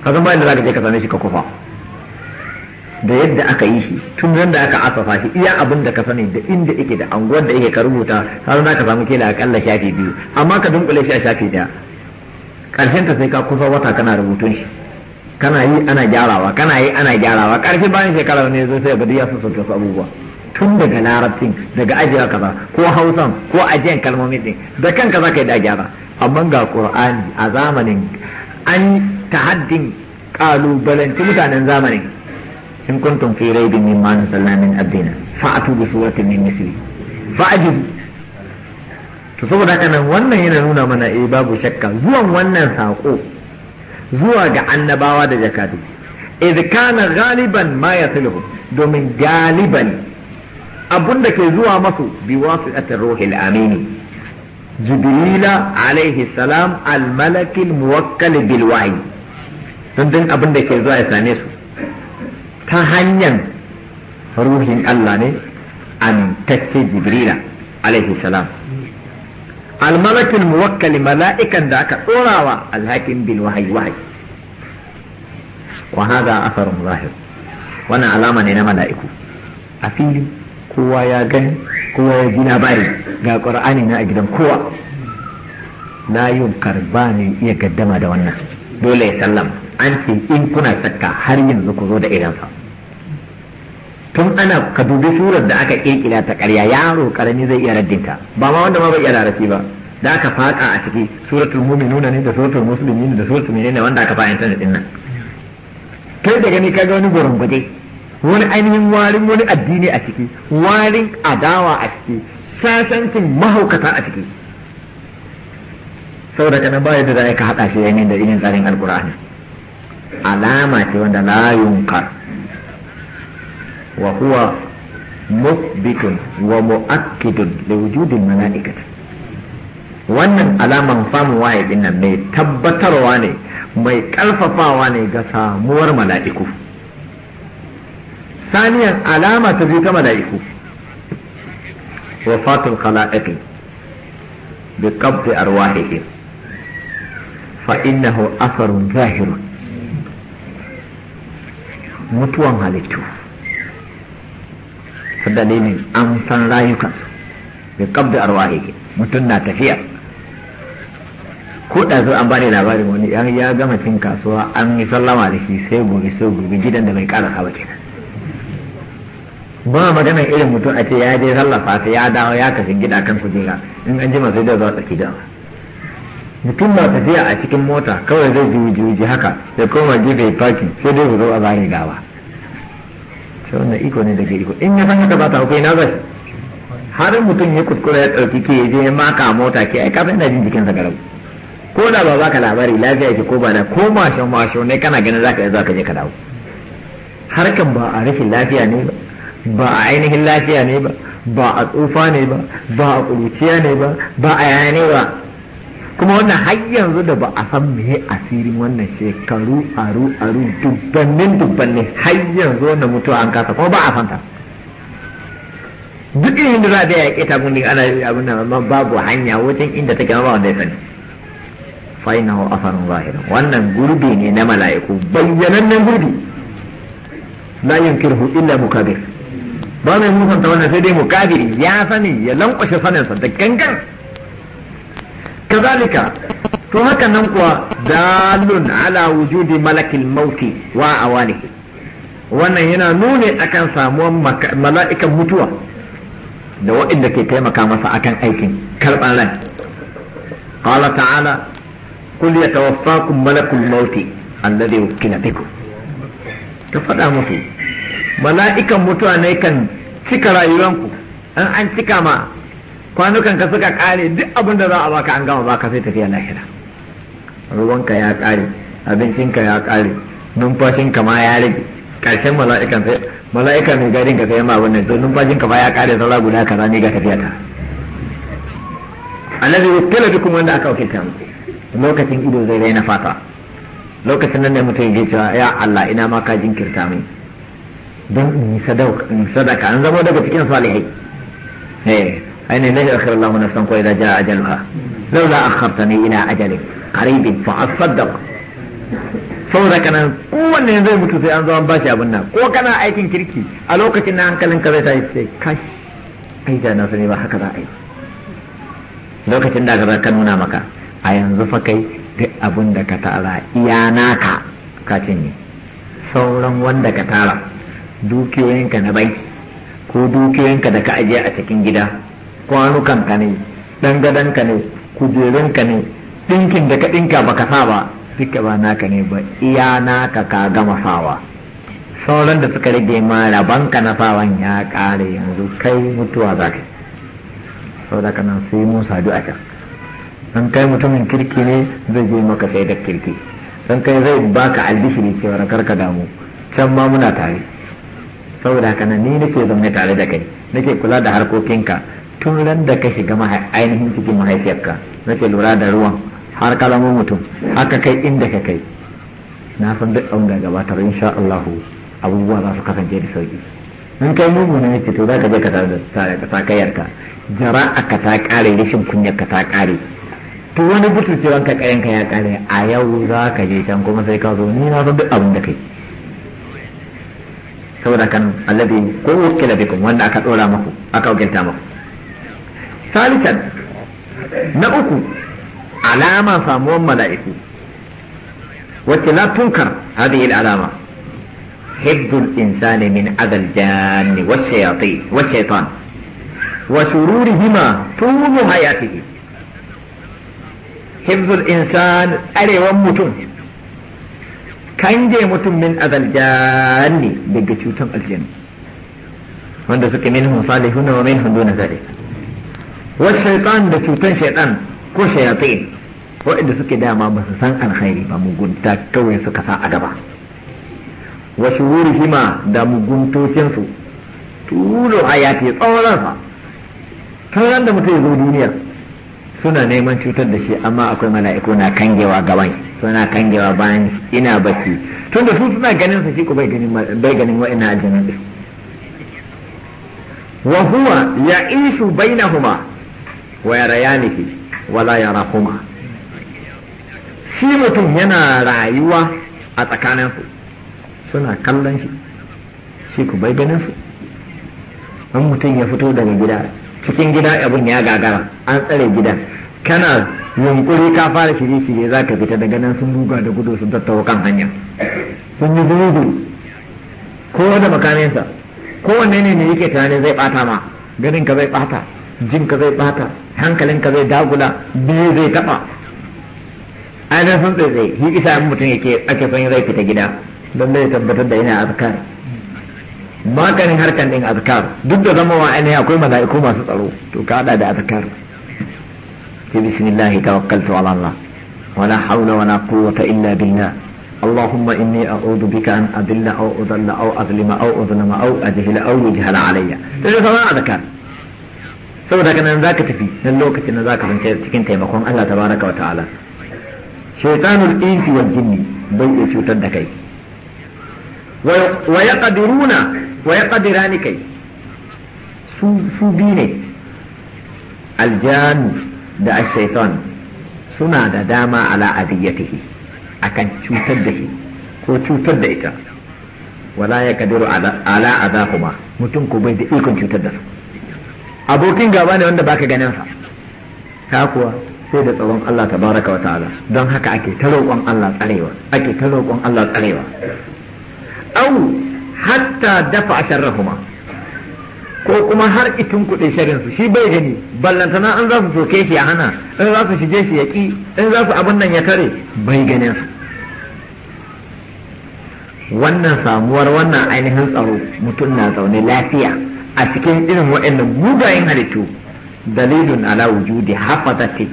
ka san bayan da za ka je ka same shi ka kufa da yadda aka yi shi tun ran da aka asa shi iya abin da ka sani da inda yake da anguwar da yake ka rubuta har na ka samu kila akalla shafi biyu amma ka dunkule shi a shafi daya karshen ta sai ka kusa wata kana rubutun shi kana yi ana gyarawa kana yi ana gyarawa karshe bayan shekarar ne zo sai ga duk ya su abubuwa tun daga larabcin daga ajiyar kaza ko hausan ko ajiyar kalmomi din da kanka za ka yi da gyara amma ga qur'ani a zamanin an tahaddin kalubalanci mutanen zamanin إن كنتم في ريب مما نزلنا من أبدنا فأتوا بسورة من مثله فأجب saboda haka nan wannan yana nuna mana eh babu shakka zuwan wannan saƙo zuwa ga annabawa da jakadu idh kana galiban ma yatluhu domin galiban abun da ke zuwa masu bi wasiatir ruhil amin jibril alayhi salam al malak al muwakkal bil wahyi dan abun da ke zuwa ya same su ta hanyar ruhin Allah ne amintacce jibrila alaihi salam mu muwakkali mala'ikan da aka tsorawa alhakin bil wahayi wahayi wa hada asarun zahir wannan alama ne na mala'iku a fili kowa ya gani kowa ya gina labari ga qur'ani na a gidan kowa la yunkar ba ne iya gaddama da wannan dole ya sallama an ce in kuna har yanzu ku zo da irinsa tun ana ka dubi surar da aka kirkira ta ƙarya yaro karami zai iya raddinta ba ma wanda ma bai iya larabci ba da aka faka a ciki suratul mu'minuna ne da suratul muslimin da suratul ne wanda aka fahimta da dinnan kai da gani kaga wani wani ainihin warin wani addini a ciki warin adawa a ciki sasancin mahaukata a ciki saboda kana ba yadda za ka haɗa shi yayin da irin tsarin alkur'ani alama ce wanda la yunkar wa huwa muthbitun wa mu'akkidun li wujudil mala'ikati wannan alaman samun waye nan mai tabbatarwa ne mai ƙarfafawa ne ga samuwar mala'iku saniyan alama ta biyu ta mala'iku wafatul khala'iq bi qabdi arwahihim fa innahu asarun zahirun mutuwan halittu su dalilin an san rayuka da kabda arwahi mutum na tafiya ko da zo an bani labarin wani yan ya gama cin kasuwa an yi sallama da shi sai gobe sai gobe gidan da bai karasa ba kenan ba magana irin mutum a ce ya je sallafa ta ya dawo ya kashe gida kan kujera in an jima sai da zuwa tsaki da. mutum na tafiya a cikin mota kawai zai ji wuji haka ya koma gefe parking sai dai ku zo a zare gawa sai wannan iko ne daga iko in ya san haka ba ta hukai na zai har mutum ya kuskura ya ɗauki ke je ya maka mota ke ai kafin na jin sa garau ko da ba baka labari lafiya ke ko ba da ko mashin mashin ne kana ganin zaka yi zaka je ka dawo harkan ba a rashin lafiya ne ba ba a ainihin lafiya ne ba ba a tsufa ne ba ba a ƙuruciya ne ba ba a yaya ne ba kuma wannan har yanzu da ba a san ya asirin wannan shekaru aru aru dubbannin dubbanni har yanzu wannan mutuwa an kasa kuma ba a ta. duk irin da za a yaƙe ta gundin ana abin nan amma babu hanya wajen inda take ba wanda ya sani fainahu afarun zahirin wannan gurbi ne na mala'iku bayyanannen gurbi la yunkirhu illa mukabir ba mai musanta wannan sai dai mukabiri ya sani ya lankwashe saninsa da gangan kazalika to haka nan kuwa dalun ala wujudi malakil mauti wa awani wannan yana nune akan samuwar mala'ikan mutuwa da waɗanda ke taimaka masa akan aikin karɓar ran qala ta'ala kul yatawaffakum malakul mauti alladhi wukila bikum faɗa musu mala'ikan mutuwa ne kan cika rayuwanku an an cika ma kwanukan ka suka kare duk abin da za a baka an gama baka sai tafiya lahira ruwanka ya kare abincinka ya kare numfashinka ma ya rage karshen mala'ikan sai mala'ika mai garin ka sai ma wannan to numfashinka ba ya kare saura guda ka zani ga tafiya ta annabi wakila bikum wanda aka ta lokacin ido zai raina fata lokacin nan ne mutum ya cewa ya Allah ina ma ka jinkirta mai don in yi sadaka an zama daga cikin salihai eh. أين لا يؤخر الله نفسا وإذا جاء أجلها لولا أخرتني إلى أجل قريب فأصدق saboda kana kowanne ne zai mutu sai an zo an bashi abin nan ko kana aikin kirki a lokacin na hankalin ka zai ta sai kash ai da na sani ba haka za a yi lokacin da ka ka nuna maka a yanzu fa kai duk abin da ka tara iya naka ka cinye sauran wanda ka tara dukiyoyinka na bai ko dukiyoyinka da ka ajiye a cikin gida kwanukanka ne dan ka ne kujerunka ne ɗinkin da ka ɗinka baka sa ba duka ba naka ne ba iya naka ka gama sawa sauran da suka rage ma rabanka na sawan ya ƙare yanzu kai mutuwa za ka sau da kanan sai mun sadu a can don kai mutumin kirki ne zai je maka sai da kirki don kai zai baka albishiri cewar karka damu can ma muna tare saboda haka nan ni nake zaune tare da kai nake kula da harkokinka tun ran da ka shiga ainihin cikin mahaifiyarka nake lura da ruwan har kalamun mutum haka kai inda ka kai na san duk an ga gabatar insha Allah abubuwa za su kasance da sauki in kai mugu ne ce to za ka je ka a ka ta kare rashin ka ta kare to wani butulcewan ka ka ya kare a yau za ka je can kuma sai ka zo ni na san duk abin da kai saboda kan alladhi ko wakila bikum wanda aka dora maku aka wakilta maku ثالثا نأكو علامة alama ملائكة mala'iku تنكر هذه العلامة حفظ الإنسان من أذى الجان والشياطين والشيطان وسرورهما طول حياته حفظ الإنسان أري ومتون كان متن من أذى الجان بجتوتم الجن وأن منهم صالحون ومنهم دون ذلك wasu shaitan da cutar shaitan ko shayatin waɗanda suke dama ba su san alkhairi ba mugunta kawai suka sa a gaba wa shururihima da muguntocinsu tulu hayati tsawonsa sauran da mutum zo duniya suna neman cutar da shi amma akwai mala'iku na kangewa gaban suna kangewa bayan ina bacci da su suna ganin sa shi ku bai ganin bai a wa'ina aljanna wa huwa ya'ishu bainahuma wa yarayanihi ya yarahuma shi mutum yana rayuwa a tsakaninsu suna kallon shi shi ku bai ganin su an mutum ya fito daga gida cikin gida abin ya gagara an tsare gida kana yunkuri ka fara shirye shirye za ka fita daga nan sun buga da gudu sun tattawa kan hanya sun yi gudu kowa da makaminsa kowanne ne ne yake tunanin zai bata ma ganin ka zai bata jinka zai bata hankalinka zai dagula biyu zai taba ainihin sun tsaye shi isa an mutum yake ake son zai fita gida don zai tabbatar da yana azkar makarin harkan din azkar duk da zama wa ainihin akwai mala'iku masu tsaro to ka hada da azkar ki bismillahi tawakkaltu ala Allah wala hawla wala quwwata illa billah اللهم إني أعوذ بك أن أذل أو أذل أو أظلم أو أظلم أو أجهل أو يجهل علي. تجد هذا ذكر. saboda haka nan zaka tafi nan lokacin nan zaka zance cikin taimakon Allah tabaraka wa ta'ala shaytanul insi wal jinni bai iya cutar da kai wa yaqdiruna wa yaqdirani kai su su bi ne aljanu da ash suna da dama ala adiyatihi akan cutar da shi ko cutar da ita wala ya kadiru ala adahuma mutum ko bai da ikon cutar da su abokin gaba ne wanda baka ganin sa ka kuwa sai da tsaron Allah tabaraka wa ta'ala don haka ake ta roƙon Allah tsarewa ake ta roƙon Allah tsarewa au hatta dafa sharrahuma ko kuma har itin kuɗin sharrin su shi bai gani ballantana an za su soke shi a hana in za su shige shi ya ƙi in za su abin nan ya kare bai ganin su wannan samuwar wannan ainihin tsaro mutum na zaune lafiya a cikin irin waɗannan mugayen halittu dalilun ala wujudi hafazati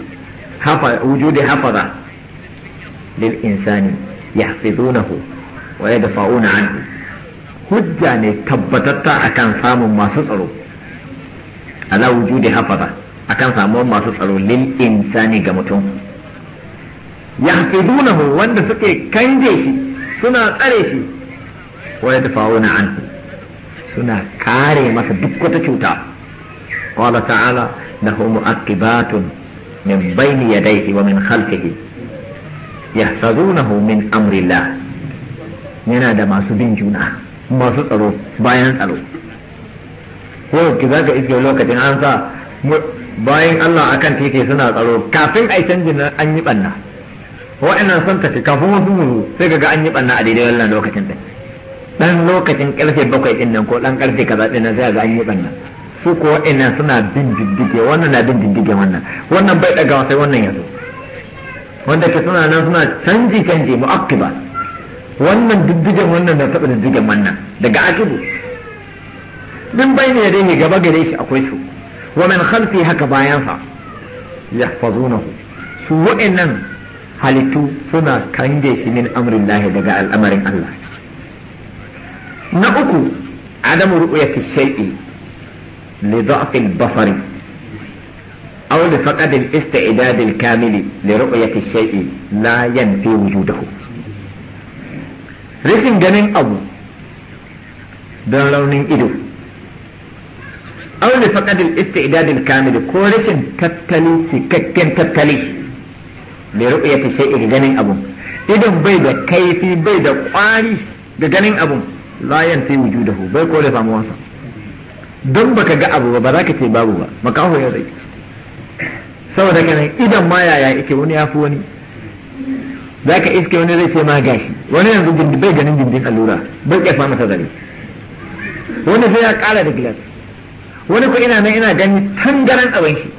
wujudi hafaza lil insani yahfizunahu wa yadfa'una anhu hujja ne tabbatatta akan samun masu tsaro ala wujudi hafaza akan samun masu tsaro lil insani ga mutum yahfizunahu wanda suke kange shi suna tsare shi wa yadfa'una anhu suna kare masa duk wata cuta qala ta'ala lahu mu'aqibatun min bayni yadayhi wa min khalfihi yahfazunahu min amrillah yana da masu bin juna masu tsaro bayan tsaro ko ki zaka iske lokacin an sa bayan Allah akan titi suna tsaro kafin ai canjin an yi banna wa'annan son tafi kafin wasu sai kaga an yi banna a daidai wannan lokacin din dan lokacin karfe bakwai din nan ko dan karfe kaza din nan sai ga an yi banna su ko ina suna bin diddige wannan na bin diddige wannan wannan bai daga sai wannan ya zo wanda ke suna nan suna canji canji mu'aqqiba wannan diddigen wannan da taba diddigen wannan daga akibu ne da yadayhi gaba gare shi akwai su wa min khalfi haka bayan sa yahfazunahu su wa'annan halittu suna kange shi min lahi daga al'amarin Allah na uku adamu ru'yati shay'i li dha'f al-basar aw li faqad al-istidad al-kamil li ru'yati shay'i la yanfi wujudahu rashin ganin abu don raunin ido aw li faqad al-istidad al-kamil ko rashin tattali cikakken tattali li ru'yati shay'i ganin abu idan bai da kaifi bai da kwari da ganin abu. la yanfi wujudahu bai da samuwarsa don baka ga abu ba ba za ka ce babu ba makaho ya zai saboda kanan idan ma yaya yake wani ya fi wani za ka iske wani zai ce ma gashi wani yanzu bai ganin gindin allura bai kyafa mata zare wani sai ya kara da gilas wani ko ina nan ina gani tangaran abin shi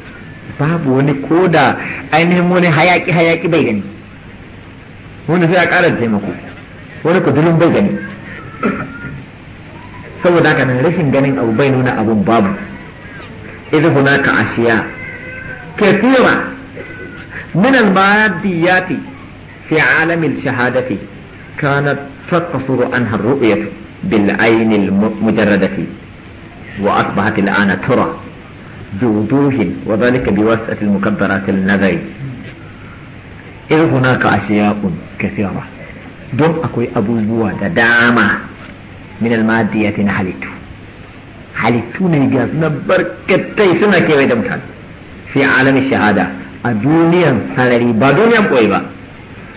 babu wani ko da ainihin wani hayaki hayaki bai gani wani sai ya kara da taimako wani ko dulun bai gani saboda haka nan rashin ganin abu bai nuna abun babu idh hunaka ashiya kathira من الماديات في عالم الشهادة كانت تقصر عنها الرؤية بالعين المجردة وأصبحت الآن ترى بوضوح وذلك بواسطة المكبرات النظر إذ هناك أشياء كثيرة don akwai abubuwa da dama min almadiyati na halittu halittu ne ga suna barkatai suna kewaye da mutane fi alamin shahada a duniyan sarari ba duniyan koyi ba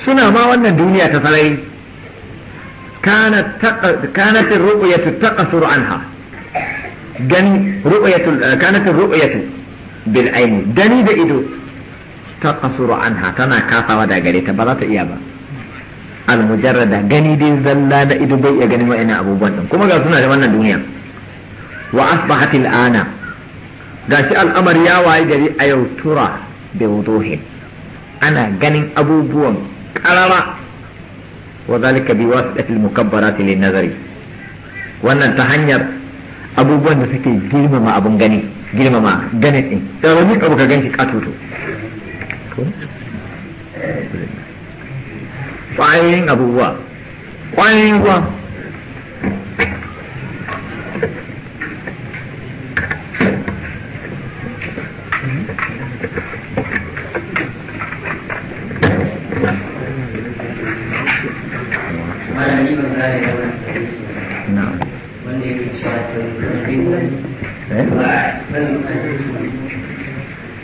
suna ma wannan duniya ta sarari كانت الرؤية تقصر عنها جن رؤية كانت الرؤية بالعين دني بإدو تقصر عنها تنا كافة ودا ta iya ba. almujarrada gani dai zalla da ido bai iya ganin wa'annan abubuwan din kuma ga suna da wannan duniya wa asbahat al'ana gashi al'amar ya waye gari a yau tura bi wuduhi ana ganin abubuwan karara wa zalika bi wasdati al-mukabbarati lin nazari wannan ta hanyar abubuwan da suke girmama abun gani girmama ganin din da wani abu ka ganshi katoto Quay ngập vua Quay vua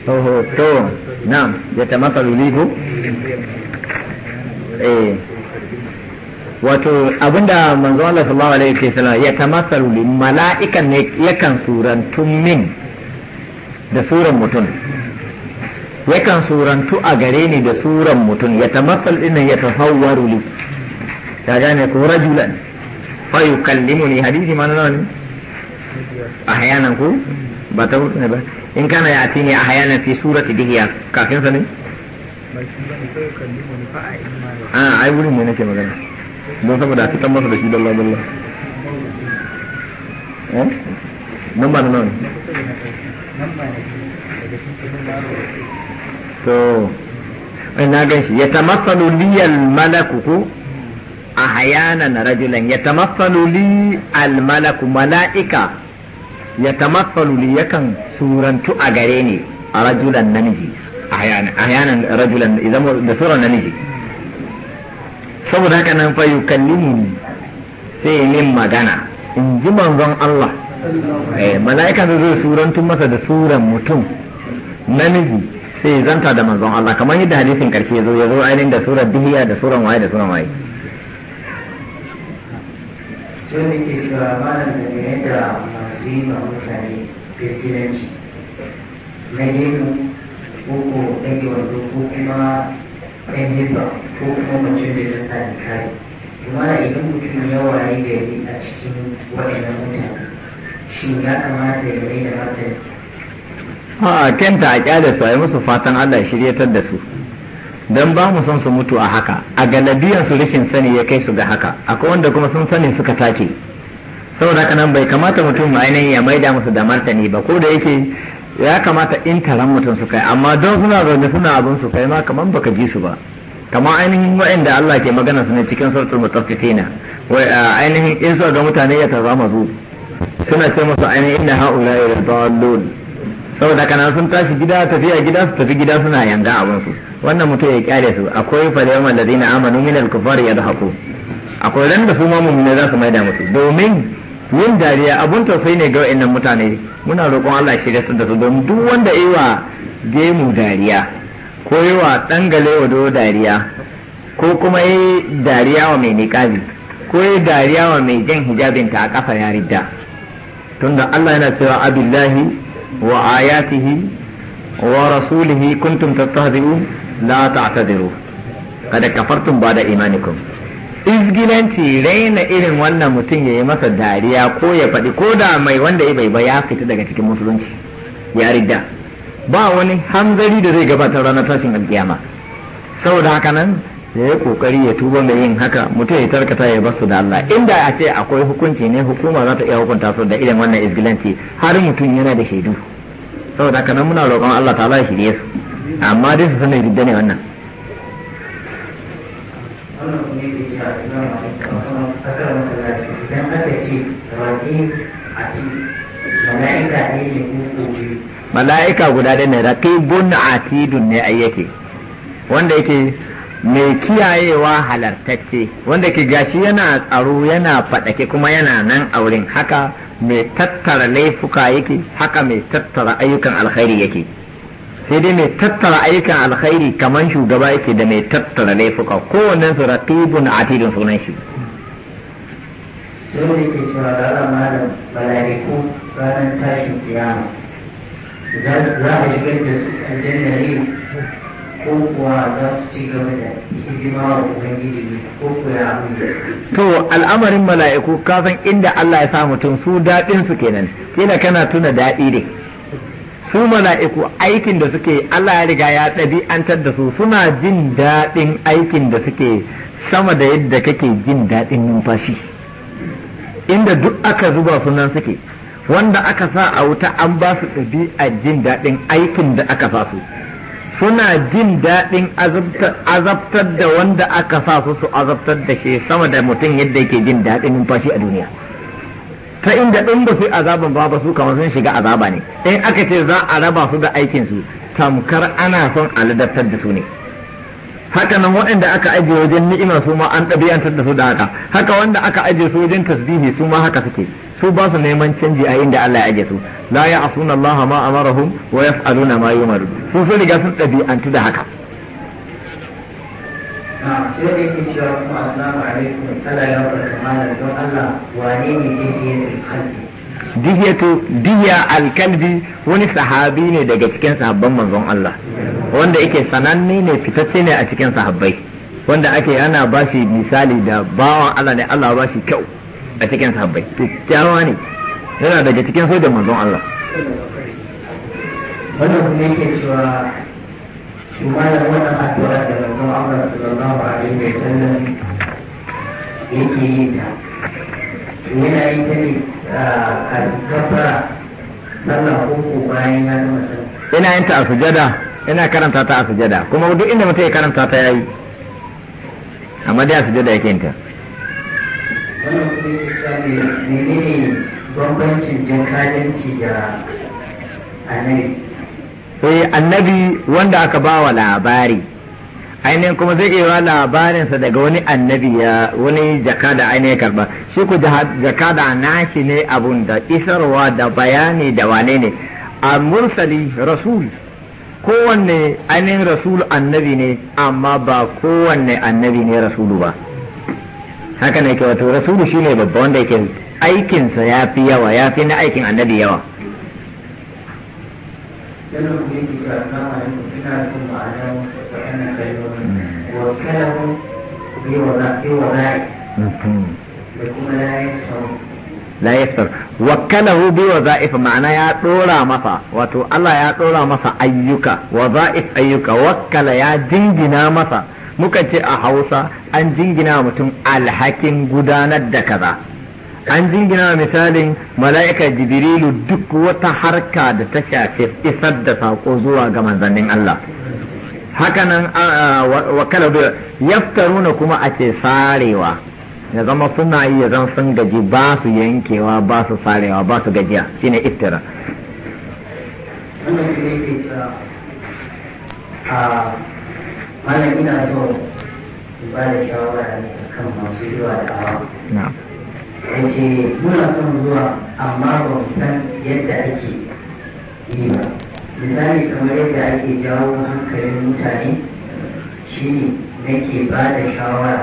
Ho ho to. Naam, yatamathalu lihu eh wato abinda manzo Allah sallallahu alaihi wasallam ya tamassalu li mala'ikan ne yakan surantu min da suran mutum yakan surantu a gare ni da suran mutum ya tamassal din ya tafawwaru li ya gane ko rajulan fa yukallimuni hadisi ma nan ahyanan ku ba ta ne ba in kana ya tini ahyanan fi surati dihiya kafin sa ne a ah, ai wurin ne nake magana don saboda fitan masa da shi dalla la eh? nan ba nan to gan shi ya tamassalu liyal malaku ko a hayana na rajulan ya tamassalu li al malaku mala'ika ya tamassalu li yakan surantu a gare ni a rajulan namiji ahyanan ahyanan rajulan idan da suran namiji saboda haka nan fa yukallimi sai min magana in ji manzon Allah eh mala'ika zai surantun masa da suran mutum namiji sai zanta da manzon Allah kamar yadda hadisin karshe ya zo ya zo ainihin da suran bihiya da suran waye da suran waye sun ke cewa malam da yadda masu yi ma mutane gaskiyanci na yin ko ko da a cikin su a yi musu fatan Allah shiryatar da su don ba mu son su mutu a haka a galadiyan su rashin sani ya kai su ga haka akwai wanda kuma sun sani suka take saboda haka nan bai kamata mutum ainihin ya maida musu da martani ba ko da yake ya kamata in taron mutum su kai amma don suna zaune suna abin su kai ma kamar baka ji su ba kama ainihin wa'anda Allah ke magana su ne cikin suratul na wai ainihin in su ga mutane ya tazama mazu suna ce musu ainihin inna haula ya dallun saboda kana sun tashi gida tafiya gida su tafi gida suna yanga abin su wannan mutum ya kyale su akwai falayman ladina amanu min al-kufar yadhaku akwai ran da su ma mu'mina za su maida musu domin yin dariya abun tausayi ne ga wa'annan mutane muna roƙon Allah shi gasar da su don duk wanda wa gemu dariya ko yi ɗan galewa do dariya ko kuma yi dariya wa mai niƙabi ko yi dariya wa mai jan hijabinta a ƙafa ya ridda tunda Allah yana cewa abillahi wa ayatihi wa rasulihi kuntum tastahzi'un la ta'tadiru kada kafartum ba'da imanikum izgilanci raina irin wannan mutum ya yi masa dariya ko ya faɗi ko da mai wanda ya bai ba ya fita daga cikin musulunci ya ridda ba wani hanzari da zai gabatar ranar tashin alkiyama saboda haka nan ya yi kokari ya tuba mai yin haka mutum ya tarkata ya basu da Allah inda a ce akwai hukunci ne hukuma za ta iya hukunta su da irin wannan izgilanci har mutum yana da shaidu saboda haka nan muna roƙon Allah ta'ala ya shirye su amma dai su sanar da ne wannan wannan a mala'ika ne ne ko mala'ika guda da ne raqibun atidun ne yake wanda yake mai kiyayewa halartacce wanda ke gashi yana tsaro yana faɗake kuma yana nan a wurin haka mai tattara laifuka yake haka mai tattara ayyukan alkhairi yake sai dai mai tattara ayyukan alkhairi kamar shugaba yake da mai tattara laifuka kowanne su ratibun atidun sunan shi sai da ke cewa da malam malaiku ranar tashin kiyama za a shigar da su a ne ko kuwa za su ci gaba da hidima wa ubangiji ne ko kuwa to al'amarin mala'iku kasan inda Allah ya sa mutum su daɗinsu su kenan kila kana tuna daɗi ne su mala'iku aikin da suke Allah ya riga ya ɗabi'antar da su suna jin daɗin aikin da suke sama da yadda kake jin daɗin numfashi inda duk aka zuba sunan suke wanda aka sa a wuta an ba su ɗabi'a jin daɗin aikin da aka sa su suna jin daɗin azabtar da wanda aka sa su su azabtar da shi sama da mutum yadda yake jin daɗin numfashi a duniya. ta inda ɗin ba su azaban ba ba su kamar sun shiga azaba ne in aka ce za a raba su da aikin su tamkar ana son a ladabtar da su ne haka nan waɗanda aka ajiye wajen ni'ima su ma an ɗabi'antar da su da haka haka wanda aka ajiye su wajen tasbihi su ma haka suke su ba su neman canji a inda Allah ya ajiye su la asuna Allah ma amarahum wa yaf'aluna ma yumaru su sun riga sun ɗabi'antu da haka sai da cewa kuma assalamu alaikum Allah ya barka malam don Allah wane ne dihiyatul kalbi dihiyatu dihiya alkalbi wani sahabi ne daga cikin sahabban manzon Allah wanda yake sananne ne fitacce ne a cikin sahabbai wanda ake ana bashi misali da bawan Allah ne Allah ba shi kyau a cikin sahabbai kyakkyawa ne yana daga cikin sojan manzon Allah wannan kuma yake cewa malam wannan yake yin ta yana ta ne a ina yin ta a sujada ina karanta ta a sujada kuma duk inda mutum ya karanta ta yayi amma dai a sujada yake yin ta wannan kuma ne ne bambancin jinkadanci da anai sai annabi wanda aka ba wa labari ainihin kuma zai iya labarinsa daga wani annabi ya wani da ainihin karba shi ku jakada nashi ne abun da isarwa da bayani da wane ne a mursali rasul kowanne ainihin rasul annabi ne amma ba kowanne annabi ne rasulu ba haka ne ke wato rasulu shine babba wanda yake aikinsa ya fi yawa ya fi na aikin annabi yawa كلهم يجي كأنما يمكننا ثم عليهم فأنا خير وكلهم بوضائه لكم لا يكثرون la yaktar wakkalahu bi waza'if ma'ana ya dora masa wato Allah ya ɗora masa ayyuka waza'if ayyuka wakkala ya jingina masa muka ce a Hausa an jingina mutum alhakin gudanar da kaza an jingina misalin mala'ika jibrilu duk wata harka da ta shafi isar da saƙo zuwa ga manzannin Allah hakanan wakala da yaftaruna kuma a ce sarewa ya zama suna yi ya zan sun gaji ba su yankewa ba su sarewa ba su gajiya shine iftira ina so ba da shawara kan masu zuwa da awa ya ce muna son zuwa amma ba mu san yadda ake yi ba misali kamar yadda ake jawo hankalin mutane shi ne nake ba da shawara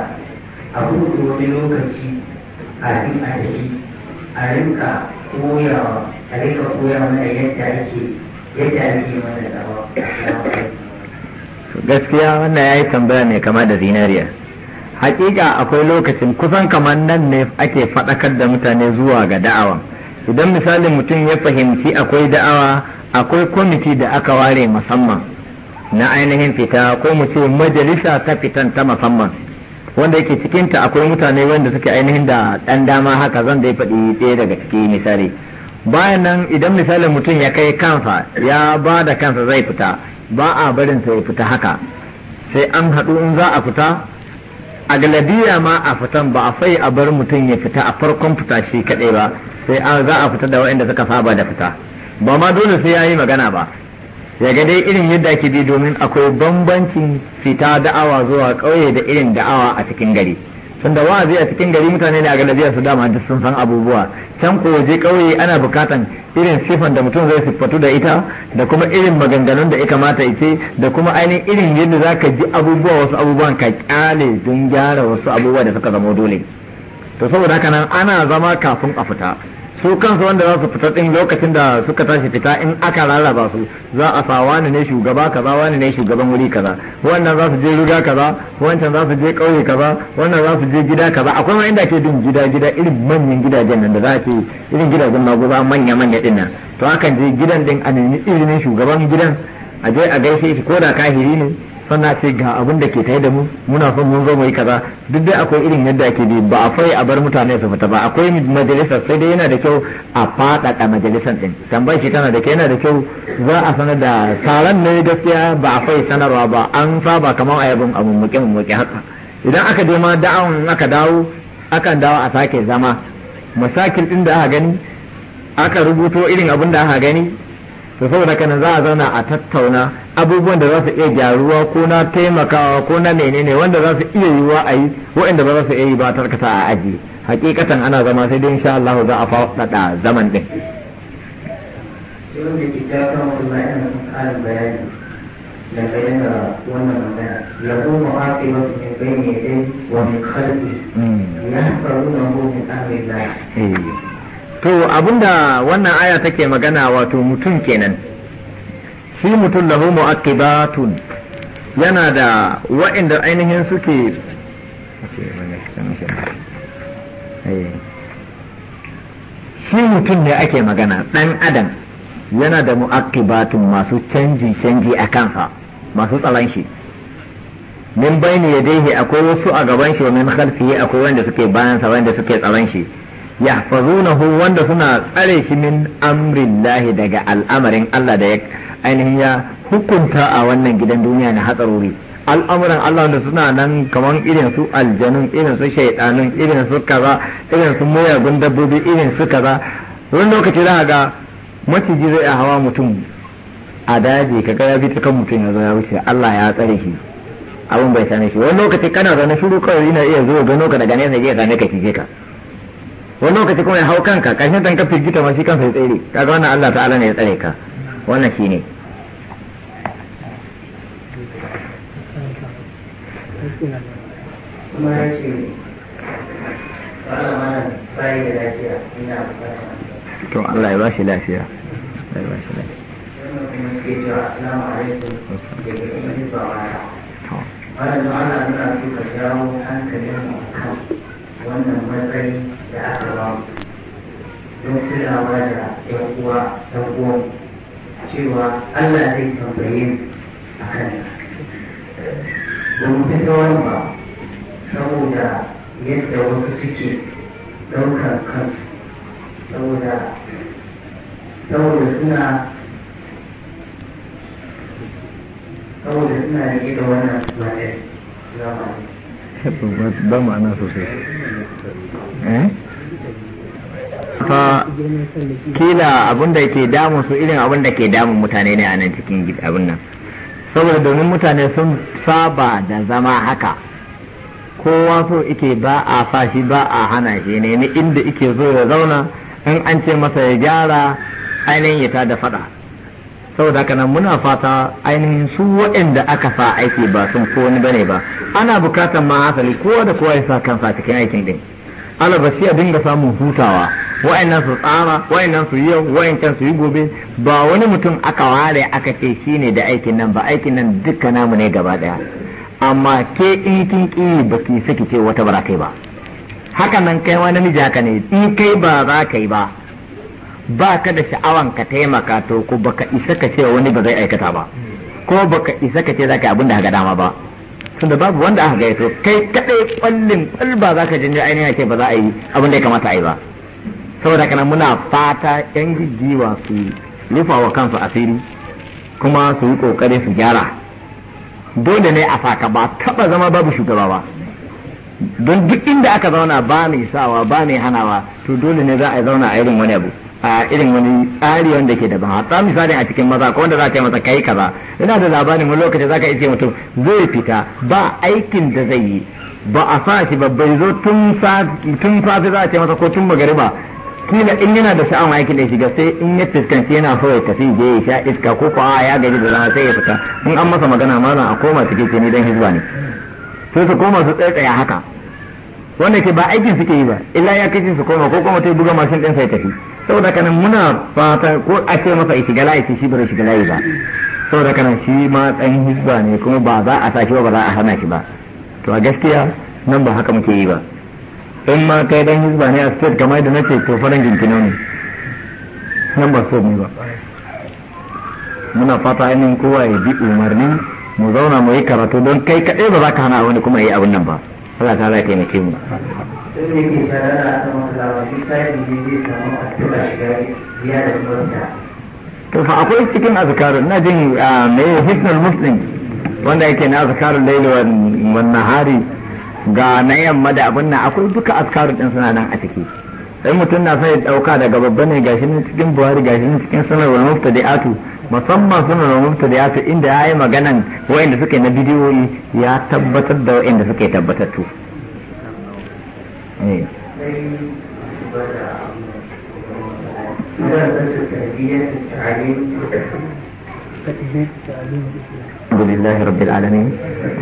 a hudu wani lokaci kafin a tafi a rinka koyawa a rinka koya mana yadda ake yadda ake mana gaskiya wannan ya yi tambaya mai kama da zinariya hakika akwai lokacin kusan kamar nan ne ake faɗakar da mutane zuwa ga da'awa idan misalin mutum ya fahimci akwai da'awa akwai kwamiti da aka ware musamman na ainihin fita ko mu ce majalisa ta fitan ta musamman wanda yake cikinta akwai mutane wanda suke ainihin da ɗan dama haka zan dai faɗi ɗaya daga ciki misali bayan nan idan misalin mutum ya kai kansa ya ba da kansa zai fita ba a barinsa ya fita haka sai an haɗu in za a fita a galabiya ma a fitan ba a fai a bar mutum ya fita a farkon fita shi kaɗai ba sai an za a fita da waɗanda suka saba da fita ba ma dole sai ya yi magana ba ya ga dai irin yadda ke bi domin akwai bambancin fita da'awa zuwa ƙauye da irin da'awa a cikin gari tunda wa'azi a cikin gari mutane ne a galabiyar su dama duk sun san abubuwa can ko waje kauye ana bukatan irin sifan da mutum zai siffatu da ita da kuma irin maganganun da ya kamata ya ce da kuma ainihin irin yadda za ka ji abubuwa wasu abubuwan ka kyale don gyara wasu abubuwa da suka zama dole to saboda haka nan ana zama kafin a fita su kansu wanda za su fita din lokacin da suka tashi fita in aka lalaba su za a sa wani ne shugaba kaza wani ne shugaban wuri kaza wannan za su je ruga kaza wancan za su je ƙauye kaza wannan za su je gida kaza akwai ma inda ke dun gida gida irin manyan gidajen nan da za ke irin gidajen maguza manya manya ɗin nan to akan je gidan din a nemi irin shugaban gidan a je a gaishe shi ko da kahiri ne sannan sai ga abin da ke tare da mu muna son mun zo mu kaza duk dai akwai irin yadda ake bi ba a fai a bar mutane su fita ba akwai majalisa sai dai yana da kyau a faɗaɗa majalisar ɗin tambayar shi tana da kyau yana da kyau za a sanar da taron ne gaskiya ba a fai sanarwa ba an saba kamar ayabin abun muke muke haka idan aka je ma da'awun aka dawo akan dawo a sake zama masakil ɗin da aka gani aka rubuto irin abin da aka gani to saboda kana za a zauna a tattauna abubuwan da za su iya gyaruwa ko na taimakawa ko na menene wanda za su iya yiwa a yi waɗanda ba za su iya yi ba tarkata a aji hakikatan ana zama sai dai insha Allah za a faɗaɗa zaman ɗin. dangane da wannan magana ya kuma haƙi wasu ne bai ne wa hmm. ya faru to abinda wannan aya take magana wato mutum kenan shi mutum lahu mu'aqibatun yana da wa'inda ainihin suke shi mutum ne ake magana ɗan adam yana da mu'aqibatun masu canji canji a kansa masu tsaron shi min bayni yadayhi akwai wasu a gaban shi wa min khalfihi akwai wanda suke bayansa wanda suke tsaron shi yahfazunahu wanda suna tsare shi min lahi daga al'amarin Allah da ya ainihin ya hukunta a wannan gidan duniya na hatsaruri al'amuran Allah wanda suna nan kamar irin su aljanun irin su shaidanun irin su kaza irin su mayagun dabbobi irin su kaza wani lokaci za ga maciji zai a hawa mutum a daji kaga ya fita kan mutum ya zo ya wuce Allah ya tsare shi abin bai same shi wani lokaci kana zaune shiru kawai yana iya zo gano ka daga nesa ya same ka cije ka wani lokaci kuma ya hau kanka kashin dan ka firgita ma shi kansa ya tsere kaga wannan Allah ta'ala ne ya tsare ka wannan shi kuma to Allah ya ba shi lafiya ya ba shi lafiya wannan matsayi da aka ba don kulawa da yan uwan cewa Allah zai tambaye a kansa ba mu fi ba saboda yadda wasu suke ɗaukar kansu saboda suna saboda wannan matsayi zamani ba ma'ana sosai eh? kila abinda da ke damun su irin abinda da ke damun mutane ne a nan cikin abin nan saboda domin mutane sun saba da zama haka kowa so ike ba a fashi ba a hana shi ne inda ike so ya zauna in an ce masa ya gyara ainihin ya ta da fada saboda haka nan muna fata ainihin su waɗanda aka sa aiki ba sun fi wani bane ba ana bukatar ma hasali kowa da kowa ya sa kansa cikin aikin din shi a dinga samun hutawa wa'annan su tsara wa'annan su yau wa'annan su yi gobe ba wani mutum aka ware aka ce shi ne da aikin nan ba aikin nan dukkan namu ne gaba daya amma ke in kin ki ba ki saki ce wata barakai kai ba hakan nan kai wani namiji haka ne in kai ba za ka yi ba ba ka da sha'awan ka taimaka to ko baka isa ka ce wani ba zai aikata ba ko baka isa ka ce za ka yi abin haka dama ba tunda babu wanda aka to kai kadai kwallin kwalba za ka jinjin ainihin ake ba za a yi abin da ya kamata a yi ba saboda kana muna fata yan gigiwa su rufa wa kansu asiri kuma su yi kokari su gyara dole ne a saka ba taba zama babu shugaba ba don duk inda aka zauna ba mai sawa ba mai hanawa to dole ne za a zauna a irin wani abu a irin wani tsari wanda ke daban hatta misalin a cikin maza ko wanda za ka yi masa kai kaza yana da labarin wani lokaci za ka iske mutum zai fita ba aikin da zai yi ba a sa shi bai zo tun safi za a ce masa ko tun magariba kila in yana da sha'awa aikin da shiga sai in ya fuskanci yana so ya tafi je ya sha iska ko kuwa ya gaji da rana sai ya fita in an masa magana mana a koma suke ce ni dan hizba ne sai su koma su tsaya haka wanda ke ba aikin suke yi ba illa ya kashin su koma ko kuma ta buga mashin ɗinsa ya tafi saboda kanan muna fata ko a ce masa shiga gala ce shi bai shiga layi ba saboda kanan shi ma ɗan hizba ne kuma ba za a sa shi ba ba za a hana shi ba to a gaskiya nan ba haka muke yi ba in ma kai dan hizba ne a state kamar da nace to farin jinkino ne nan ba so mu ba muna fata ainihin kowa ya bi umarnin mu zauna mu yi karatu don kai kaɗai ba za ka hana wani kuma ya yi abin nan ba Allah ta za ya taimake mu sun ne ke shara na akan matsalawa shi tashi ne zai samu addu'a shiga biya da mafita to fa akwai cikin azkarun na jin ah, mai hisnul muslim wanda yake na azkarun lailuwan wannan hari ga na yamma da abin nan akwai duka azkarun din suna nan a ciki sai mutum na sai dauka daga babban ne gashi nan cikin buhari gashi nan cikin sanarwar mubtadi'atu musamman wal mubtadi'atu inda yayi maganan wayanda suke na bidiyoyi ya tabbatar da wayanda suke tabbatattu إيه. الحمد لله رب العالمين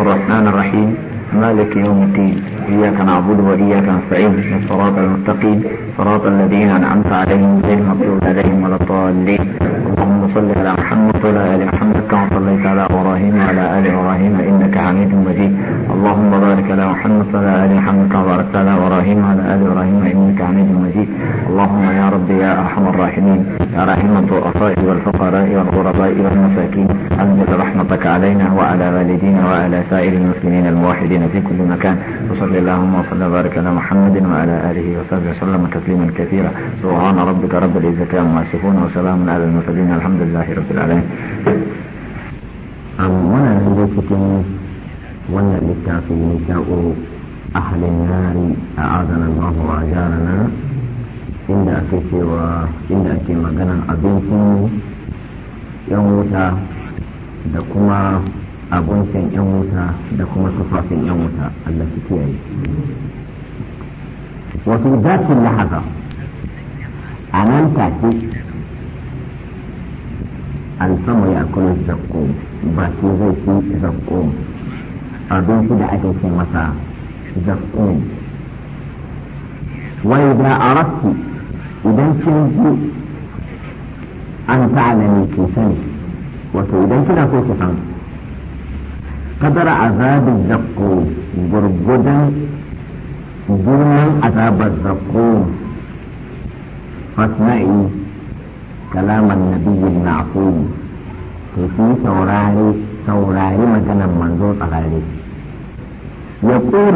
الرحمن الرحيم مالك يوم الدين إياك نعبد وإياك نستعين صراط المستقيم صراط الذين أنعمت عليهم غير المغضوب عليهم ولا الضالين اللهم اللهم صل على محمد وعلى آل محمد كما صليت على إبراهيم وعلى آل إبراهيم إنك حميد مجيد اللهم بارك على محمد وعلى آل محمد كما باركت على إبراهيم وعلى آل إبراهيم إنك حميد مجيد اللهم يا رب يا أرحم الراحمين يا رحيم الضعفاء والفقراء والغرباء والمساكين أنزل رحمتك علينا وعلى والدينا وعلى سائر المسلمين الموحدين في كل مكان وصل اللهم وصل وبارك على محمد وعلى آله وصحبه وسلم تسليما كثيرا سبحان ربك رب العزة عما يصفون وسلام على المرسلين الحمد الحمد لله رب العالمين أم ولا يملكتم ولا للكافر نساء أهل النار أعاذنا الله وأجارنا إن أكثر وإن أكثر مدنا أبنكم يوموتا دكما أبنكم يوموتا دكما صفات يوموتا التي تيأي وفي ذات اللحظة أنا أنتاكي alfama ya kuma zakko ba baki zai fi zakko abinci da ake ce masa zakko wai da arabci idan kin ji an ta'alami ki sani wato idan kina so ki san kadara azabin zakko gurgudan girman azabar zakko fasna'i كلام النبي المعصوم في maganar manzo مجانا منظور أغاري يقول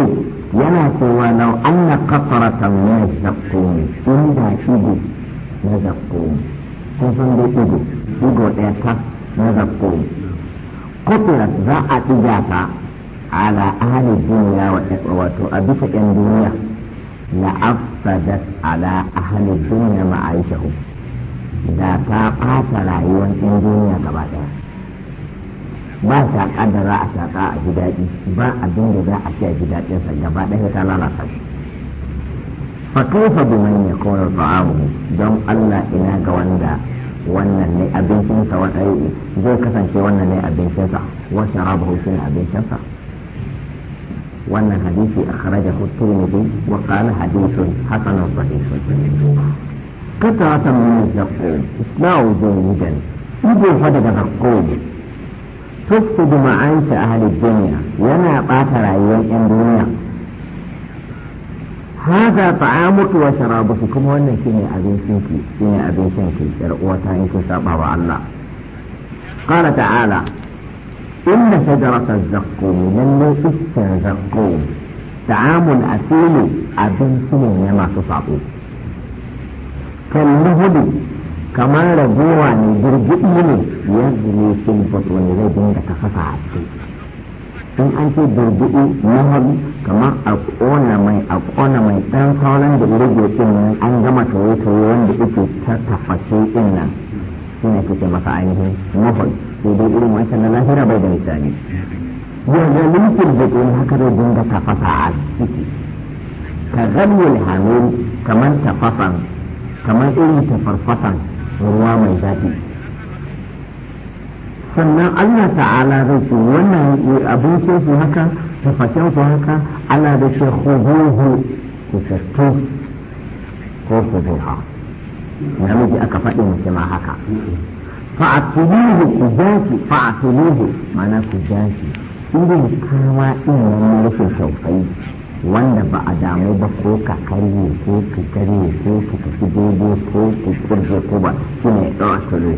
yana cewa lau anna qataratan min zaqqum inda shigo na zaqqum kun san dai ido ido ta na zaqqum qutilat za a ɗiga ta ala ahli duniya wa wato a bisa yan duniya la afsadat ala ahli duniya ma'aishahu da ta fata rayuwar ɗan duniya gaba ɗaya ba da ƙaddara a shaƙa a ji daɗi ba abin da za a ci a ji daɗinsa gaba ɗaya ta lalata shi fa bi man ya kora ta'amu don Allah ina ga wanda wannan ne abincinsa wata zai kasance wannan ne abincinsa wa sharabahu shi ne abincinsa wannan hadisi a at-Tirmidhi wa qala hadithun hasanun sahih قطعة من اليقين اسمعوا جيدا يجي فدك تقولي تفقد معايش أهل الدنيا وما قاتل أيام الدنيا هذا طعامك وشرابك كما أن كنا ابي شنكي كنا ابي شنكي رؤوتها إنك سابه الله قال تعالى إن شجرة الزقوم من إسا زقوم طعام أثيل أبين شنكي ما تصعبه kalluhudi kamar ragowa ne girgidi ne yadda ne shi mutu wani zai dinga tafasa a ciki in an ce girgidi na kamar a kona mai a kona mai dan sauran da rage din nan an gama tawaye-tawaye wanda yake ta tafashe din nan shi ne kake masa ainihin mahol sai dai irin wancan na lahira bai da misali yadda linkin jikin haka zai dinga tafasa a ciki ka gani hamil kamar tafasan kamar irin tafarfatan ruwa mai daɗi sannan Allah ta'ala zai ce wannan abincin su haka tafashen haka ana da ce huduhu ku tattu ko huduha namiji aka faɗi mace ma haka fa'atuluhu ku jaki fa'atuluhu mana ku jaki irin kama irin rashin sauƙai wanda ba a damu ba ko ka karye ko ka karye ko ka tafi dogo ko ku kurje ko ba shi ne ɗawa tare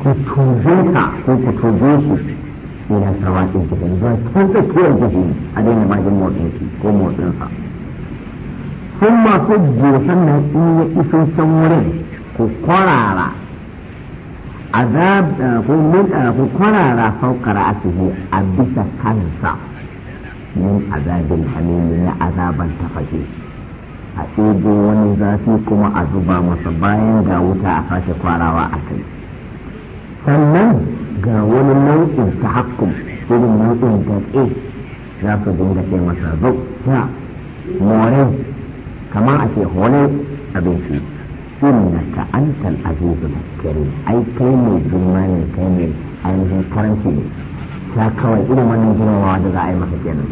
ku tuzo ka ko ku tuzo ku ina sawa ɗin ki gani zai kan zai kiyar da a daina ma motsin ki ko motsin sa sun masu gosan na in ya iso can wurin ku kwarara azab eh, eh, ku kwarara faukara a a bisa kansa min azabin hamimi na azaban tafashe a ɗebo wani zafi kuma a zuba masa bayan ga wuta a kashe kwarawa a kai sannan ga wani nau'in ta hakkun irin nau'in tatsi za su dinga ce masa zo ya more kamar a ce hore abinci innaka antal azizul karim ai kai mai girma ne kai mai ainihin karanci ne ta kawai irin wannan girmamawa da za a yi masa kenan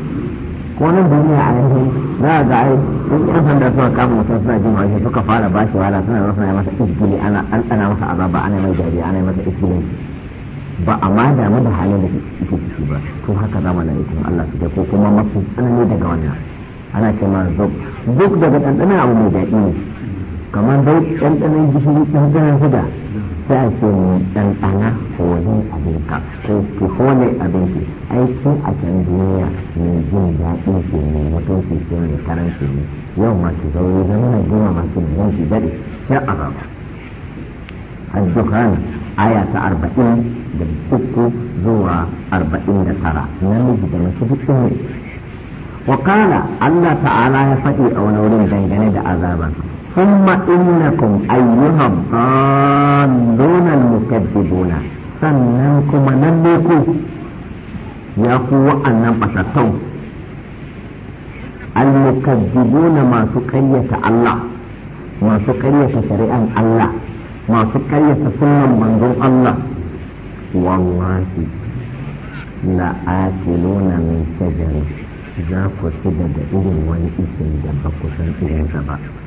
ko nan duniya a yanzu za a ga ai in yan sanda suka kama mutum suna jin haushi suka fara ba shi wala suna yi suna masa izgili ana ana masa azaba ana mai jari ana masa izgili ba a ma damu da halin da ke ciki ba to haka zamanin ikin Allah su ko kuma mafi tsanani daga wannan ana ce ma zub duk daga ɗanɗanin abu mai daɗi ne kamar dai ɗanɗanin gishiri ta hanyar huda sashen ɗanɗana wani abinka ko ki hole abinki aiki a can duniya ne jin daɗi ke mai mutunci ke mai karanci ne yau masu zaure zama na masu ya aya ta arba'in da uku zuwa arba'in da tara da Allah ta'ala ya faɗi a wani wurin dangane da azabansa ثم إنكم أيها الضالون المكذبون سننكم نبيكم يا قوة أن بسطوا المكذبون ما سقية الله ما سقية شريعة الله ما سقية سنة منظور الله والله لا آكلون من شجر ذاك سجد إذن وإذن دبك سنة إذن سبق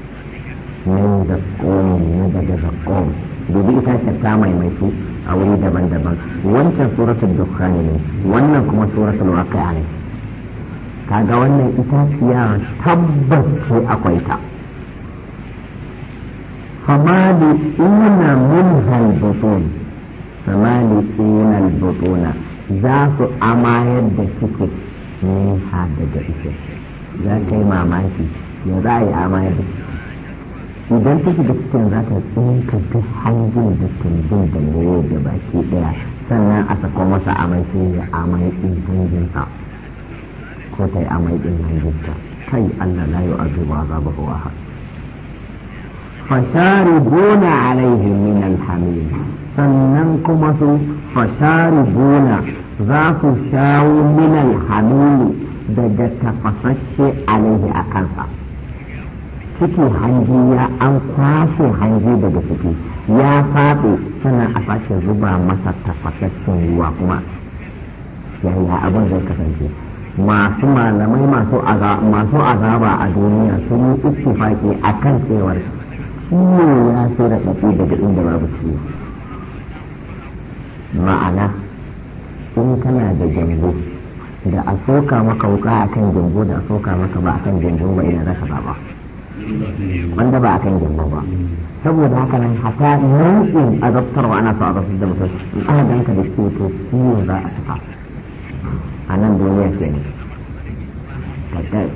min zakkoni na daga zakkon dubi ita ce ta maimaitu a wuri daban-daban wancan suratun dukkani ne wannan kuma suratun waqi'a ne kaga wannan itaciya tabbas ce akwai ta famali ina mun halbutun famali ina halbutuna za su amayar da suke ne ha daga ita za ka yi mamaki ya za a yi amayar da idan ta shiga cikin za ta tsinka duk hangin da tumbin da ne da baki daya sannan a sako masa amai sai ya amai din hanginsa ko ta yi amai din hanginsa kai allah la yi azuba za ba kowa ha fasharu gona alaihi min alhamim sannan kuma su fasharu gona za su shawo min alhamim daga tafasasshe alaihi a kansa fito hanji ya an kwashe hanji daga ciki ya faɗo suna a fashe zuba masa tafasassun ruwa kuma yaya abin zai kasance masu malamai masu azaba a duniya sun yi ittifaki a kan cewar ciwo ya fi raɗaɗi daga inda babu ciwo ma'ana in kana da jango da a soka maka wuka akan jango da a soka maka ba akan jango ba ina zaka ba ba wanda ba a kan girma ba saboda haka nan hata nau'in azabtarwa ana so azabtar da mutum in ana ganka da shi to ciwo za a saka a nan duniya ke ne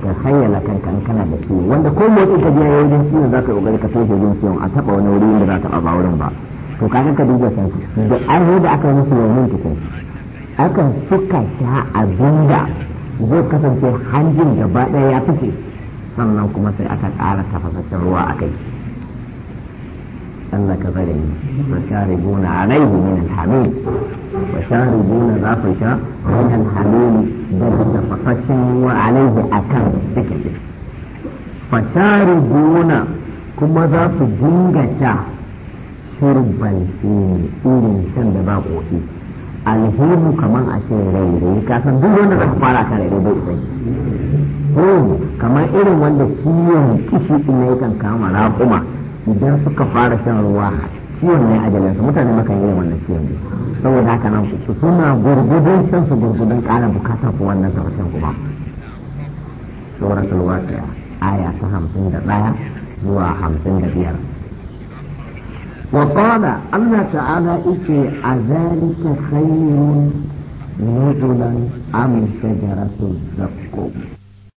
ka hayyala kanka in kana da ciwo wanda ko motsi ka biya wajen ciwon za ka yi ƙoƙari ka toshe wajen ciwon a taɓa wani wuri da za ka taɓa wurin ba to ka ka duba kansu da an da aka yi musu yaunin tukun akan suka sha abinda zai kasance hanjin gaba ɗaya ya fice sannan kuma sai aka ƙara tafasashen ruwa a kai Allah ka zare wa sharibuna alaihi min alhamim wa sharibuna za su sha min da daga tafasashen ruwa alaihi akan cikin fa sharibuna kuma za su dinga sha shurban irin shan da ba kofi alhimu kaman a ce rairayi kasan duk wanda za ka fara kan rairayi bai zo kamar irin wanda ciwon kishi din ne kan kama raƙuma idan suka fara shan ruwa ciwon ne ajalin su mutane maka yi wannan ciwon ne saboda haka nan su suna gurgudun shan su gurgudun ƙara bukatar ku wannan sarrafin kuma suratul ta aya ta hamsin da ɗaya zuwa hamsin da biyar wa وقال الله تعالى إتي أذلك خير نزلا أم شجرة الزقوم